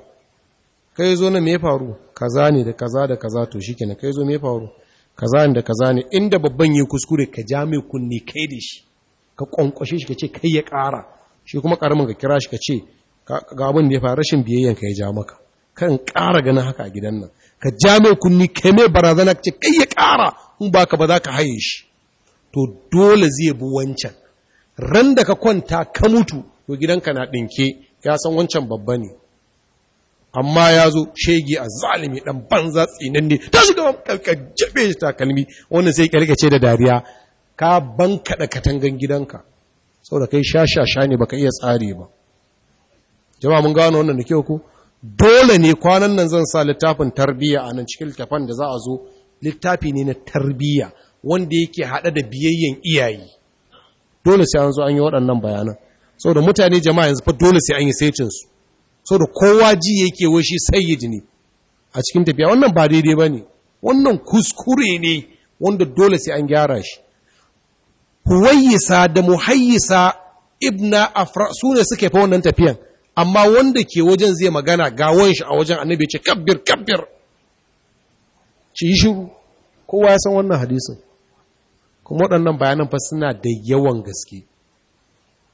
kai zo na me faru kaza ne da kaza da kaza to shikenan kai zo me faru kaza ne da kaza ne inda babban yi kuskure ka ja mai kunni kai da shi ka kwankwashe shi ka ce kai ya ƙara shi kuma ƙaramin ka kira shi ka ce ga abin da ya faru rashin biyayyan ka ya ja maka kan ƙara ganin haka a gidan nan ka ja mai kunni kai mai barazana ka ce kai ya kara in ba ka ba za ka haye shi to dole zai bi wancan ran da ka kwanta ka mutu to gidanka na ɗinke ya san wancan babba ne amma ya zo shege a zalimi ɗan banza tsinanne ta shiga jabe shi takalmi wannan sai ƙarƙa ce da dariya ka bankaɗa katangan gidanka saboda kai sha-sha-sha ne baka iya tsare ba jama'a mun gano wannan da kyau ku dole ne kwanan nan zan sa littafin tarbiyya a nan cikin littafin da za a zo littafi ne na tarbiyya wanda yake hada da biyayyen iyaye dole sai an zo an yi waɗannan bayanan da mutane jama'a yanzu fa dole sai an yi saitin su da kowa ji yake wai shi sayyidi ne a cikin tafiya wannan ba daidai bane wannan kuskure ne wanda dole sai an gyara shi huwayyisa da muhayyisa ibna afra su ne suka fa wannan tafiyan amma wanda ke wajen zai magana ga wanshi a wajen annabi ce kabbir kabbir ci shiru kowa ya san wannan hadisin kuma waɗannan bayanan fa suna da yawan gaske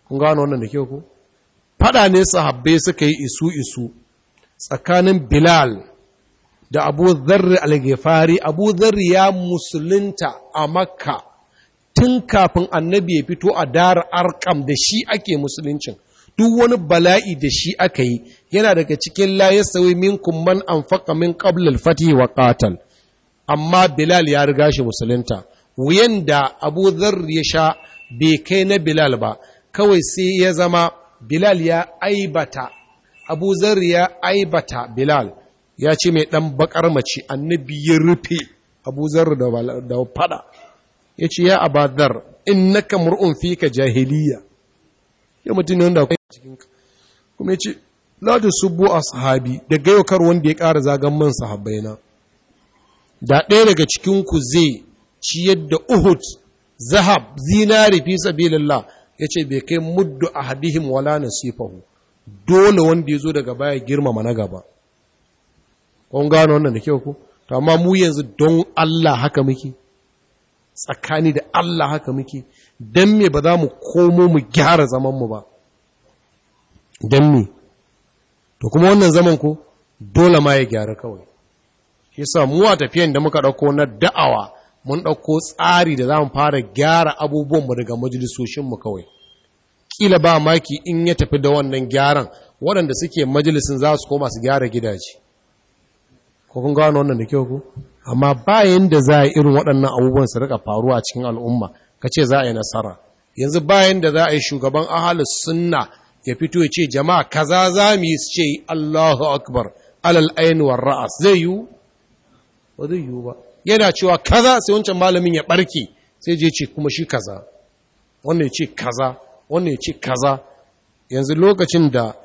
kun gano wannan da kyau ku fada ne sahabbai suka yi isu isu tsakanin bilal da abu zarri al-ghifari abu zarri ya musulunta a makka tun kafin annabi ya fito a dar arkam da shi ake musuluncin duk wani bala'i da shi aka yi yana daga cikin la yasawi minkum man anfaqa min qabla al-fatih wa qatal amma bilal ya riga shi musulunta wuyan da abu zar ya sha bai kai na bilal ba kawai sai ya zama bilal ya aibata abu zar ya aibata bilal ya ce mai ɗan bakar mace annabi ya rufe abu zar da fada ya ce ya abadar in naka mur'un fi ka jahiliya ya mutum ne wanda cikin cikinka kuma ya ce lati su subbu a sahabi da gayo kar wanda ya ƙara zagan man sahabbaina da ɗaya daga cikinku zai ciyar da uhud zahab zinari fi Ya ce bai kai muddu ahadihim wala nasifahu dole wanda yazo daga baya girmama na gaba kun gano wannan da kyau ku to amma mu yanzu don Allah haka muke tsakani da Allah haka muke dan me ba za mu komo mu gyara zaman mu ba dan me to kuma wannan zaman ku, dole ma ya gyara kawai yasa mu a tafiyan da muka dauko na da'awa mun ɗauko tsari da za mu fara gyara abubuwanmu daga majalisoshinmu kawai ƙila ba maki in ya tafi da wannan gyaran waɗanda suke majalisin za su koma su gyara gidaje ko kun gano wannan da kyau ku amma bayan da za a irin waɗannan abubuwan su rika faruwa cikin al'umma ka ce za a yi nasara yanzu bayan da za a yi shugaban ahalus sunna ya fito ya ce jama'a kaza za mu yi su ce Allahu akbar alal ainihin ra'as zai yiwu ba zai yiwu ba yana cewa kaza sai wancan malamin ya barke sai je ce kuma shi kaza wannan ya ce kaza wannan ya ce kaza yanzu lokacin da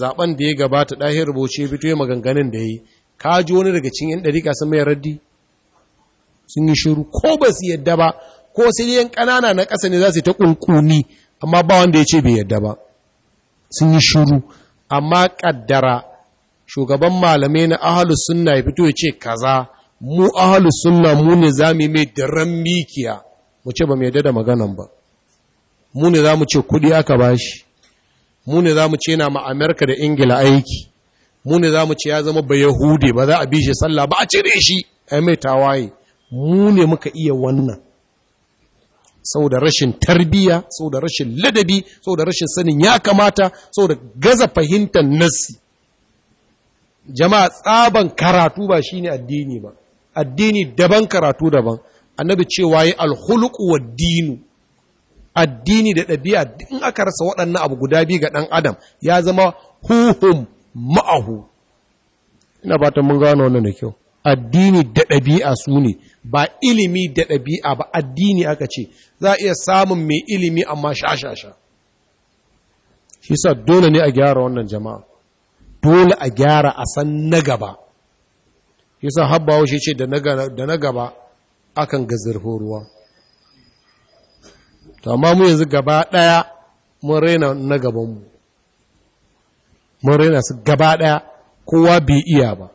zaben da ya gabata ɗahiyar rubuce fito ya maganganun da ya yi ka ji wani daga cikin yan ɗarika sun mai raddi sun yi shiru ko ba su yadda ba ko sai yan ƙanana na ƙasa ne za su ta ƙunƙuni amma ba wanda ya ce bai yadda ba sun yi shiru amma ƙaddara shugaban malamai na ahalus sunna ya fito ya ce kaza mu ahalus sunna mu ne za mai daren mikiya mu ce ba mu yadda da maganan ba mu ne za ce kuɗi aka bashi mu ne za ce yana ma amerika da ingila aiki mu ne za ce ya zama ba yahude ba za a bi shi sallah ba a cire shi Ai mai tawaye mu ne muka iya wannan sau da rashin tarbiya sau da rashin ladabi sau da rashin sanin ya kamata sau da gaza fahimtar nasi, jama'a tsaban karatu ba shine addini ba addini daban karatu daban annabi cewa yi alhuluku wa dinu addini da ɗabi'a in aka rasa waɗannan abu guda biyu ga ɗan adam ya zama huhun ma'ahu ina ta mun gano wannan da kyau addini da ɗabi'a su ne ba ilimi da ɗabi'a ba addini aka ce za a iya samun mai ilimi amma sha sha shi sa dole ne a gyara wannan jama'a dole a gyara a san na gaba yasa habbawo shi ce da na gaba akan gazarfo ruwa to amma mu yanzu gaba daya mun raina na gabanmu mun raina su gaba daya kowa bai iya ba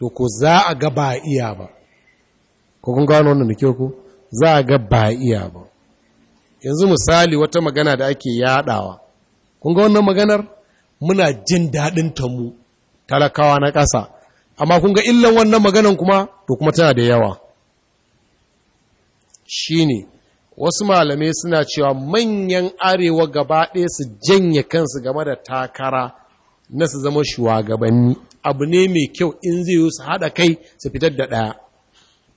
to ko za a ga ba iya ba ko kun gano wannan da kyau ku, za a ga ba iya ba yanzu misali wata magana da ake yadawa kun ga wannan maganar muna jin daɗin tamu mu talakawa na ƙasa amma kun ga illan wannan maganan kuma to kuma tana da yawa shine wasu malamai suna cewa manyan arewa gaba ɗaya su janye kansu game da takara na su zama shugabanni abu ne mai kyau in zai yi su haɗa kai su fitar da ɗaya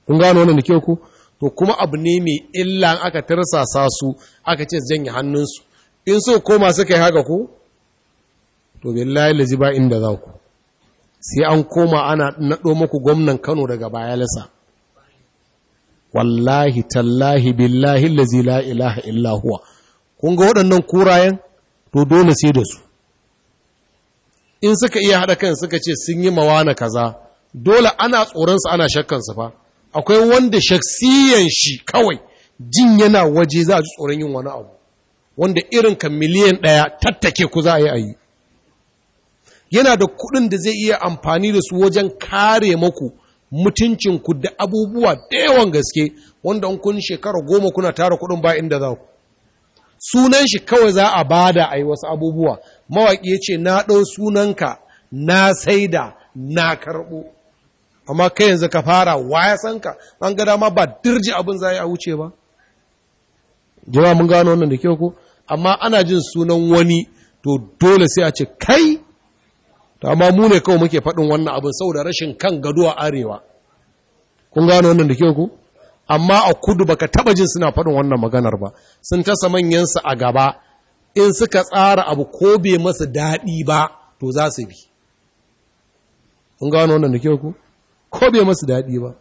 kun gano wannan da kyau ku to kuma abu ne mai illa aka tarsasa su aka ce janye hannunsu in so koma suka yi haka ku to billahi lazi ba inda za ku sai an koma ana naɗo maku gwamnan kano daga bayalasa wallahi tallahi billahi lazi la ilaha illahuwa kun ga waɗannan kurayen to dole sai da su in suka iya haɗa kan suka ce sun yi mawana kaza dole ana tsoronsu ana shakkansu fa akwai wanda shaksiyan shi kawai jin yana waje za a ji tsoron yin wani abu wanda irin kan miliyan ɗaya tattake ku za a yi a yi yana da kuɗin da zai iya amfani da su wajen kare maku mutuncinku da abubuwa da yawan gaske wanda in kun shekara goma kuna tara kuɗin ba inda za ku sunan shi kawai za a bada a yi wasu abubuwa mawaƙi ya ce na ɗau sunanka na saida na karɓo amma kai yanzu ka fara waya sanka an ga dama ba dirji abin za a wuce ba jama'a mun gano wannan da kyau ko amma ana jin sunan wani to dole sai a ce kai amma mu ne kawai muke faɗin wannan abin saboda rashin kan gado a arewa kun gano wannan da ke ku amma a kudu baka taba jin suna faɗin wannan maganar ba sun tasa manyansu a gaba in suka tsara abu ko bai masa daɗi ba to za su bi kun gano wannan da ke ku ko bai masa daɗi ba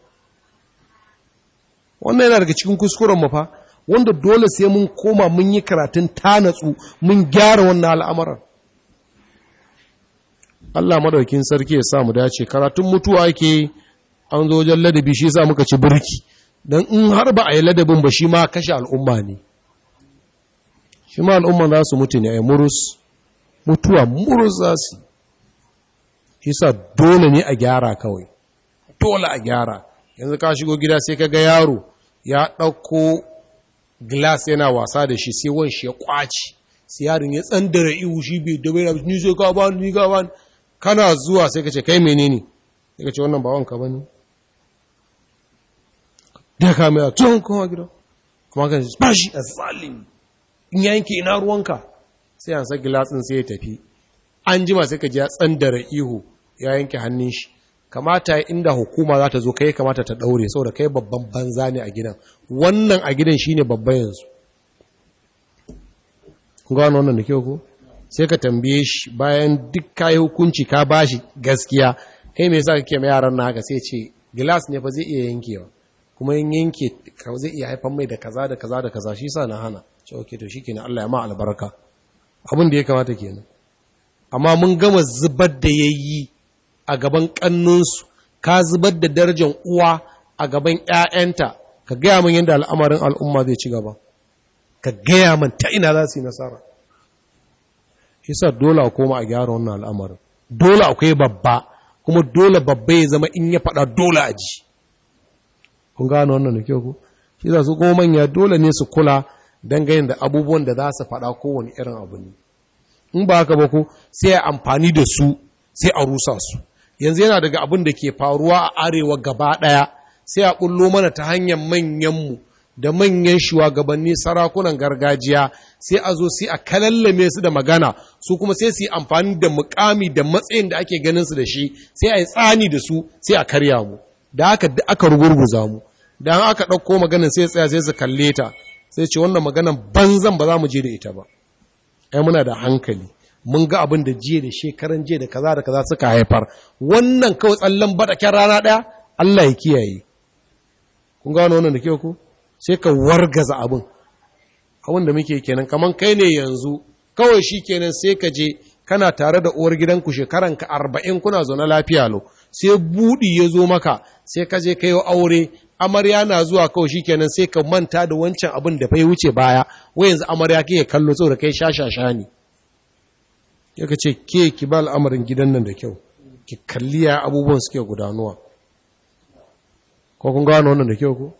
wannan yana daga cikin kuskuren mu fa wanda dole sai mun koma mun yi karatun tanatsu mun gyara wannan al'amuran Allah madaukin sarki ya sa mu dace karatun mutuwa ke an zo wajen ladabi shi sa muka ci burki dan in har ba a yi ladabin ba shi ma kashe al'umma ne shi ma al'umma za su mutu ne a murus mutuwa murus za su shi sa dole ne a gyara kawai dole a gyara yanzu ka shigo gida sai ka ga yaro ya ɗauko glass yana wasa da shi sai wanshi ya kwaci sai ya tsandara ihu shi bai da ni sai ka ba ni ka kana zuwa sai ka ce kai menene sai ka ce wannan ba wanka bane da ka mai tun kowa gida kuma kan ba shi azalim in yanke ina ruwanka sai an sa gilatsin sai ya tafi an jima sai ka ji ya tsandara ihu ya yanke hannun shi kamata inda hukuma za ta zo kai kamata ta daure saboda kai babban banza ne a gidan wannan a gidan shi ne babban yanzu kun gano wannan da kyau ko sai ka tambaye shi bayan duk kayi hukunci ka bashi gaskiya kai me yasa kake mai yaran na haka sai ce glass ne fa zai iya yankewa kuma yin yanke zai iya haifan mai da kaza da kaza da kaza shi sa na hana cewa ke to shikenan Allah ya ma albarka abin da ya kamata ke kenan amma mun gama zubar da ya yi a gaban kannunsu ka zubar da darajar uwa a gaban 'ya'yanta, ka gaya min yadda al'amarin al'umma zai ci gaba ka gaya min ta ina za su yi nasara isa dole a koma a gyara wannan al'amarin dole akwai babba kuma dole babba ya zama in ya faɗa dole a ji kun gano wannan da kyau ku shi za su kuma manya dole ne su kula dangane da abubuwan da za su faɗa kowane irin abu ne in ba haka ba ku sai a amfani da su sai a rusa su yanzu yana daga abin da ke faruwa a arewa gaba ɗaya sai a ɓullo mana ta hanyar manyanmu da manyan shugabanni sarakunan gargajiya sai a zo sai a kalallame su da magana su kuma sai su yi amfani da mukami da matsayin da ake ganin su da shi sai a yi tsani da su sai a karya mu da haka da aka rugurguza mu dan aka ɗauko maganin sai tsaya sai su kalle ta sai ce wannan maganan banzan ba za mu je da ita ba ai muna da hankali mun ga abin da jiya da shekaran jiya da kaza da kaza suka haifar wannan kawai tsallan badaken rana ɗaya Allah ya kiyaye kun gano wannan da ke ku sai ka wargaza abin abinda muke kenan kamar kai ne yanzu kawai shi kenan sai ka je kana tare da uwar gidanku ka arba'in kuna zaune lafiya lo sai buɗi ya zo maka sai ka je ka yi aure amarya na zuwa kawai shi kenan sai ka manta da wancan abin da bai wuce baya wai yanzu amarya ke kallo saboda kai shashasha ne ya ka ce ke ki ba al'amarin gidan nan da kyau ki kalliya abubuwan suke gudanuwa ko kun gano wannan da kyau ko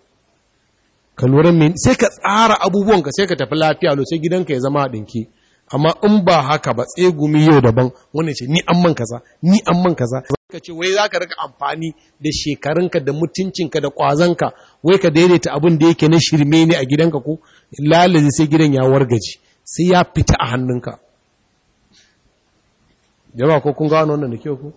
ka lura min sai ka tsara abubuwanka sai ka tafi lafiya lo sai gidanka ya zama dinki amma in ba haka ba tsegumi yau daban wani ce ni an man kaza ni an man kaza ka ce wai zaka rika amfani da shekarunka da mutuncinka da kwazanka wai ka daidaita abin da yake na shirme ne a gidanka ko lalazi sai gidan ya wargaji sai ya fita a hannunka jama'a ko kun gano wannan da kyau ko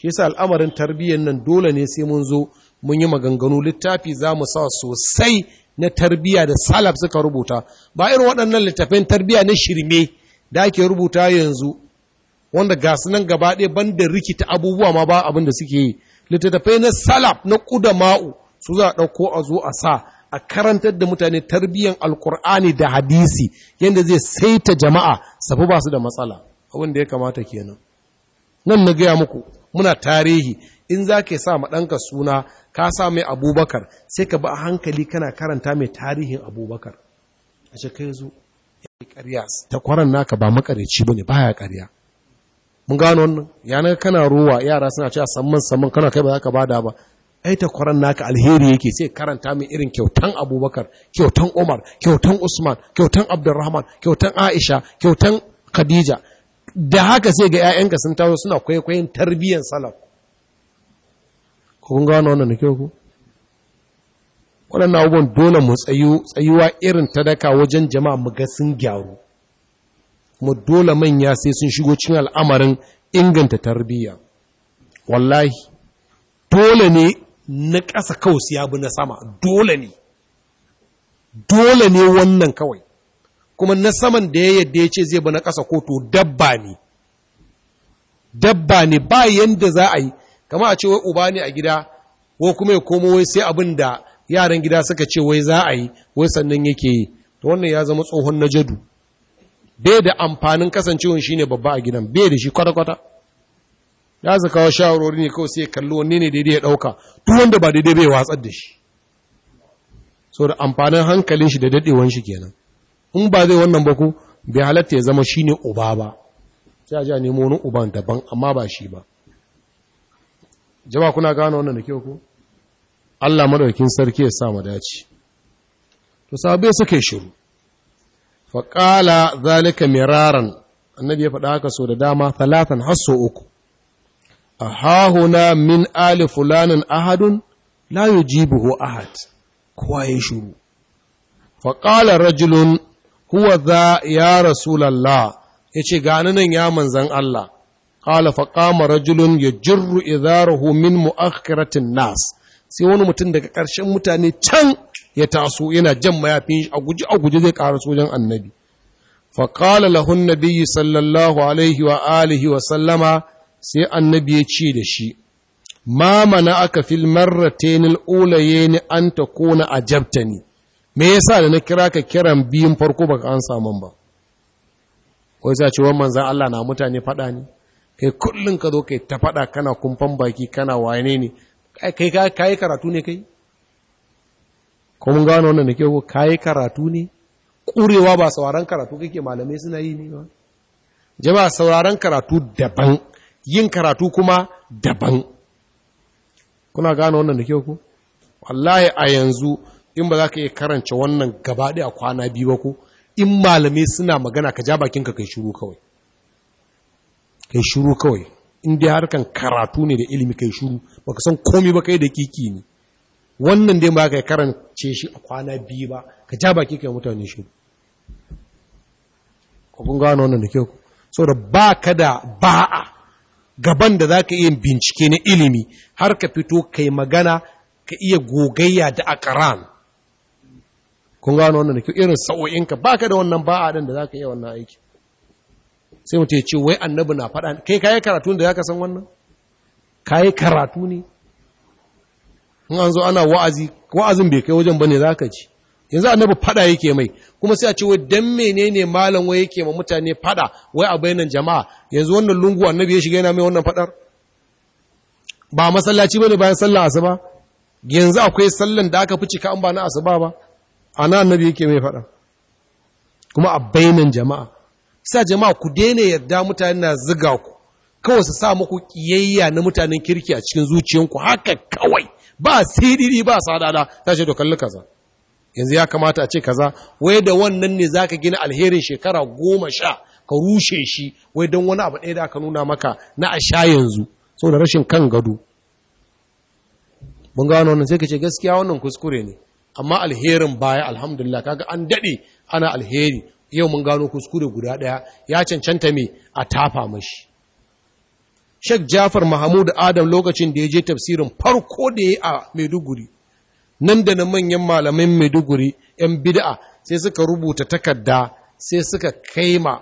shi yasa al'amarin tarbiyyar nan dole ne sai mun zo mun yi maganganu littafi za mu sa sosai na tarbiya da salaf suka rubuta ba irin waɗannan littafin tarbiya na shirme da ake rubuta yanzu wanda ga su nan gaba ɗaya ban da rikita abubuwa ma ba abin da suke yi littattafai na salaf na ma'u su za a ɗauko a zo a sa a karantar da mutane tarbiyyar alkur'ani da hadisi yadda zai saita jama'a safi ba su da matsala abin da ya kamata kenan nan na gaya muku muna tarihi in za ka sa ma ɗanka suna ka sa mai abubakar sai ka ba a hankali kana karanta mai tarihin abubakar a ce zo ya karya ta kwaran naka ba makarici ba ne ba ya karya mun gano wannan yanar kana ruwa yara suna cewa samman samman kana kai ba za ka bada ba ai ta kwaran naka alheri yake sai karanta mai irin kyautan abubakar kyautan umar kyautan usman kyautan abdurrahman kyautan aisha kyautan khadija da haka sai ga 'ya'yanka sun taso suna kwaikwayon tarbiyyar salaf kun gano wannan da ku waɗannan abubuwan dole mu tsayu tsayuwa irin ta daka wajen jama'a mu ga sun gyaru kuma dole manya sai sun shigo cikin al'amarin inganta tarbiyya wallahi dole ne na ƙasa kawai su yabi na sama dole ne dole ne wannan kawai kuma na saman da ya yadda ya ce zai bi na ƙasa ko to dabba ne dabba ne ba yanda za a yi kama a ce wai uba ne a gida ko kuma ya komo wai sai abin da yaran gida suka ce wai za a yi wai sannan yake yi to wannan ya zama tsohon na jadu bai da amfanin kasancewa ne babba a gidan bai da shi kwata-kwata ya zaka kawo shawarwari ne kawai sai kallo wanne ne daidai ya ɗauka, duk wanda ba daidai bai watsar da shi so da amfanin hankalin shi da dadewan shi kenan in ba zai wannan ba ku bai halatta ya zama shi ne uba ba sai a ja nemo wani uban daban amma ba shi ba jama kuna gano wannan da kyau ko Allah madaukin sarki ya sa mu dace to sahabbai suka yi shiru fa qala zalika miraran annabi ya faɗa haka so da dama talatan hasso uku ahahuna min ali fulanin ahadun la yujibuhu ahad kowa ya shiru fa rajulun huwa za ya rasulullah yace ga nan ya manzan Allah qala fa qama rajulun yajru idharahu nas sai wani mutum daga ƙarshen mutane can ya taso yana jan mayafin shi a guji a guji zai ƙara sojan annabi fa qala lahu annabi sallallahu alaihi wa wa sallama sai annabi ya ce da shi Mamana mana aka fil marratayn al-ulayayn an takuna ajabtani me yasa da na kiraka ka kiran biyun farko baka an samu ba wai za ce wannan manzon Allah na mutane faɗa ne kai kullum ka zo kai ta faɗa kana kumfan baki kana wane ne kai yi karatu ne kai ko mun gano wannan da ka yi karatu ne ƙurewa ba sauraron karatu kake malamai suna yi ne ba jama'a sauraron karatu daban yin karatu kuma daban kuna gano wannan da ke ku wallahi a yanzu in ba za ka iya karanta wannan gaba ɗaya kwana biyu ba ko in malamai suna magana ka ja bakinka kai shiru kawai kai shuru kawai in dai harkan karatu ne da ilimi kai shuru baka san komai ba kai da kiki ne wannan dai ba kai karance shi a kwana biyu ba ka ja baki kai mutane shi ko kun gano wannan da kyau saboda ba ka da ba'a gaban da zaka iya bincike na ilimi har ka fito kai magana ka iya gogayya da akaran kun gano wannan da kyau irin sa'o'inka baka da wannan ba'a din da zaka iya wannan aiki sai mutu ya ce wai annabi na faɗa kai kayi karatu da ya kasan wannan kayi karatu ne in an zo ana wa'azi wa'azin bai kai wajen bane ka ci yanzu annabi faɗa yake mai kuma sai a ce wai dan menene malam wai yake ma mutane faɗa wai a bayanan jama'a yanzu wannan lungu annabi ya shiga yana mai wannan faɗar ba masallaci bane bayan sallah asuba yanzu akwai sallan da aka fi cika an ba na asuba ba ana annabi yake mai faɗa kuma a bainan jama'a sa jama'a ku daina yarda mutane na ziga ku kawai su sa muku kiyayya na mutanen kirki a cikin zuciyanku haka kawai ba siriri ba sadada ta ce to kalli kaza yanzu ya kamata a ce kaza wai da wannan ne zaka gina alherin shekara goma sha ka rushe shi wai don wani abu ɗaya da aka nuna maka na a sha yanzu da rashin kan gado mun gano wannan sai ka ce gaskiya wannan kuskure ne amma alherin baya alhamdulillah kaga an dade ana alheri yau mun gano kuskure guda ɗaya ya cancanta mai a tafa mashi shek Jafar Mahmud Adam lokacin da ya je tafsirin farko da ya a Maiduguri nan da na manyan malamin Maiduguri ‘yan bida'a sai suka rubuta takarda sai suka kaima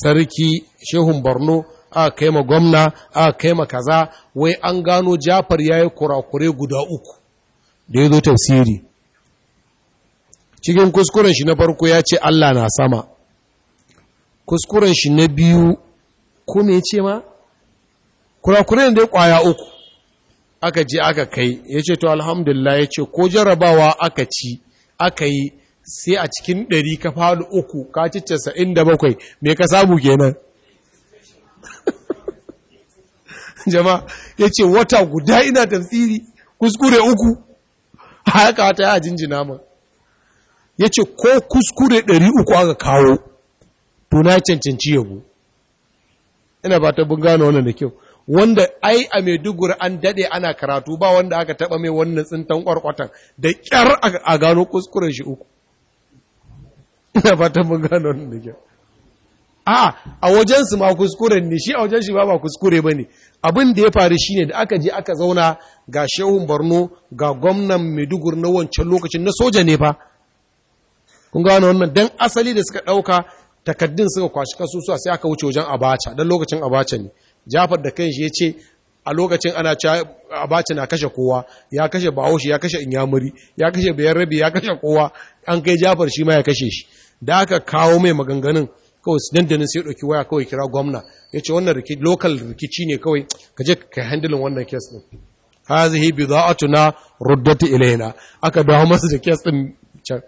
sarki Shehun Borno a kaima gwamna a ma kaza wai an gano Jafar ya yi kurakure guda uku da ya zo tafsiri cikin kuskuren shi na farko ya ce Allah na sama kuskuren shi na biyu ko me ce ma kurakuren da ya kwaya uku aka je aka kai ya ce to alhamdulillah ya ce ko jarabawa aka ci aka yi sai a cikin ɗari ka faɗi uku ka ci sa'in da bakwai me ka samu kenan jama'a ya ce wata guda ina tafsiri kuskure uku haka ta yi a jinjina ya ce ko kuskure ɗari uku aka kawo to na cancanci yabo ina ba ta bin gano wannan da kyau wanda ai a maiduguri an daɗe ana karatu ba wanda aka taɓa mai wannan tsintan ƙwarƙwatan da kyar a gano kuskuren shi uku ina ba ta bin gano wannan da kyau a a wajensu ma kuskuren ne shi a wajen shi ba ba kuskure ba ne abin da ya faru shi ne da aka je aka zauna ga shehun borno ga gwamnan maiduguri na wancan lokacin na soja ne fa kun gano wannan dan asali da suka dauka takaddun suka kwashi kasusuwa sai aka wuce wajen abacha dan lokacin abacha ne jafar da kanshi ya ce a lokacin ana cewa abacha na kashe kowa ya kashe bahaushe ya kashe inyamuri ya kashe rabi ya kashe kowa an kai jafar shi ma ya kashe shi da aka kawo mai maganganun kawai dandana sai ɗauki waya kawai kira gwamna ya ce wannan lokal rikici ne kawai ka je ka handling wannan kes ɗin hazihi bi za'atuna ruddati ilaina aka dawo masa da kes ɗin can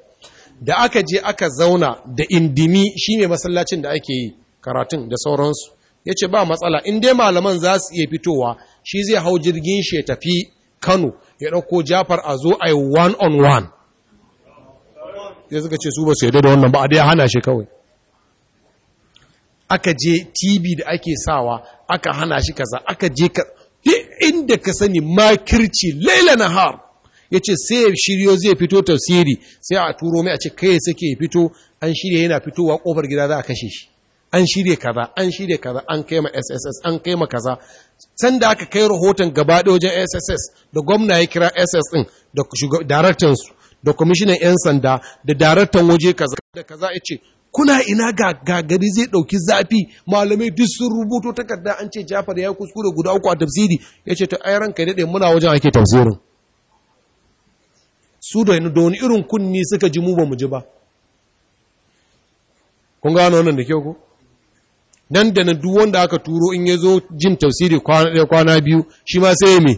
da aka je aka zauna da indimi shi mai masallacin da ake yi karatun da sauransu ya ce ba matsala in dai malaman za su iya fitowa shi zai hau jirgin shi ya tafi kano ya ɗauko jafar a zo a yi one on one ya suka ce su ba su yadda da wannan ba a dai hana shi kawai aka je tv da ake sawa aka hana shi kaza aka je ka inda ka sani makirci laila nahar har yace sai shiryo zai fito tafsiri sai a turo mai a ce kai sake fito an shirya yana fitowa kofar gida za a kashe shi an shirya kaza an shirya kaza an kai ma SSS an kai ma kaza sanda aka kai rahoton gaba wajen SSS da gwamna ya kira SS din da daraktan su da kwamishinan yan sanda da daraktan waje kaza da kaza yace kuna ina ga gagari zai dauki zafi malamai duk sun rubuto takarda an ce Jafar ya kuskure guda uku a tafsiri yace to ai ranka dade muna wajen ake tafsirin su da da wani irin kunni suka ji mu ba mu ji ba kun gano wannan da kyau ko nan da na duk wanda aka turo in ya zo jin tausiri kwana biyu shi ma sai me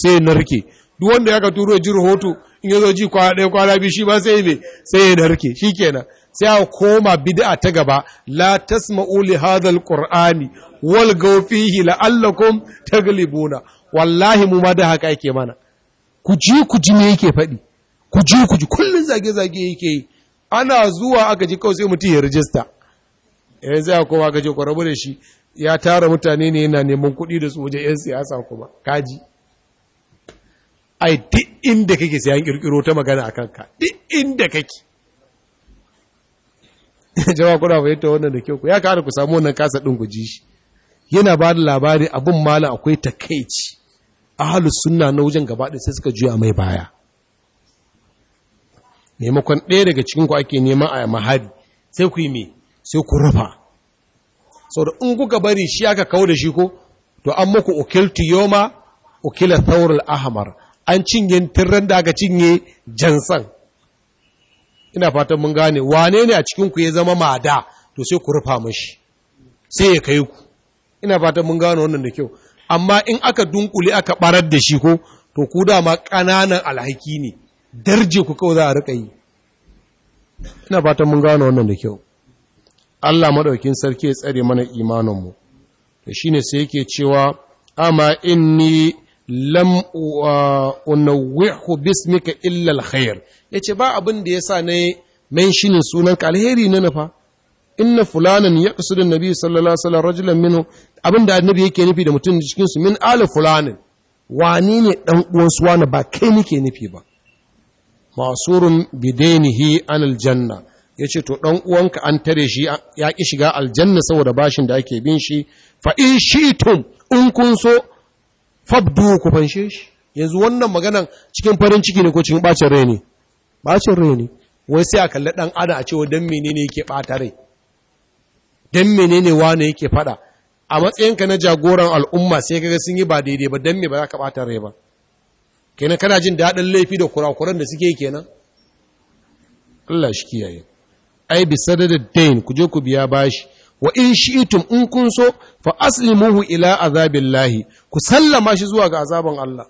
sai narke duk wanda ya ka turo ya ji rahoto in ya zo ji kwana ɗaya kwana biyu shi ma sai me sai ya narke shi kenan sai a koma bid'a ta gaba la tasma'u li hadha qur'ani wal gawfihi la'allakum taglibuna wallahi mu ma da haka yake mana ku ji ku ji me yake faɗi ku ji ku ji kullum zage-zage yake yi ana zuwa aka ji kawai sai mutum ya rijista yayin eh, ya kuma aka ce kwarabu da shi ya tara mutane ne yana neman kuɗi da su waje 'yan siyasa kuma kaji ai duk inda kake sayan kirkiro ta magana a kanka duk inda kake jama'a kuna fahimta wannan da kyau ya kada ku samu wannan kasa ɗin ku ji shi yana ba da labari abin malam akwai takaici ahalus sunna na wajen gaba sai suka juya mai baya maimakon ɗaya daga cikinku ake nema a mahadi, sai ku yi me sai ku rufa sau da in kuka bari shi aka kawo da shi ko to an muku ukiltu yoma ukila thawrul ahmar an cinye tirran da aka cinye jansan ina fatan mun gane wane ne a cikinku ya zama mada to sai ku rufa mashi sai ya kai ku ina fatan mun gane wannan da kyau amma in aka dunkule aka barar da shi ko to ku dama ƙananan alhaki ne darje ku kawai za a riƙa yi ina fatan mun gano wannan da kyau Allah maɗaukin sarki ya tsare mana imaninmu da shi ne sai yake cewa amma inni lam uh, unawwihu bismika illa alkhair yace ba abin da yasa ne menshinin sunanka alheri ne nafa inna fulanan yaqsidu nabi sallallahu alaihi wasallam rajulan minhu abin da annabi yake nufi da mutum cikinsu su min ala fulanin wani ne dan uwan su wani ba kai nake nufi ba masurun bidainihi an aljanna ya ce to ɗan uwanka an tare shi ya ƙi shiga aljanna saboda bashin da ake bin shi fa shi tun in kun so fabdu ku fanshe shi yanzu wannan maganan cikin farin ciki ne ko cikin ɓacin rai ne Ɓacin rai ne wai sai a kalli ɗan adam a cewa don menene yake ɓata rai don menene wane yake faɗa a matsayinka na jagoran al'umma sai kaga sun yi ba daidai ba don me ba za ka ɓata rai ba kenan kana jin daɗin laifi da kurakuran da suke kenan Allah shi kiyaye ai bi sadadad dain ku je ku biya bashi wa in shi'tum in kun so fa aslimuhu ila azabillahi ku sallama shi zuwa ga azaban Allah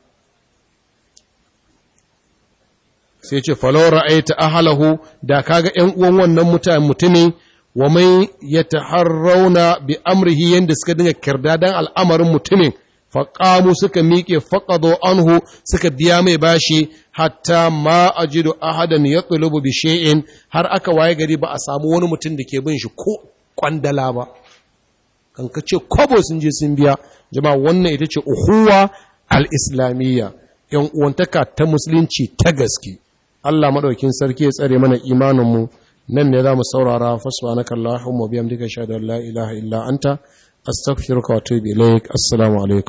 sai ce law ra'aita ahlahu da kaga ƴan uwan wannan mutane mutumin wa mai yataharrauna bi amrihi yanda suka dinga kirdadan al'amarin mutumin faƙamu suka miƙe faƙado anhu suka biya mai bashi hatta ma a jido ahadan ya tsulubu bi har aka waye gari ba a samu wani mutum da ke bin shi ko ƙwandala ba kankace kobo sun je sun biya jama'a wannan ita ce uhuwa al-islamiyya yan uwantaka ta musulunci ta gaske Allah madaukin sarki ya tsare mana imanin mu nan ne zamu saurara fasbanaka Allahumma biyamdika shada la ilaha illa anta astaghfiruka wa atubu ilaik assalamu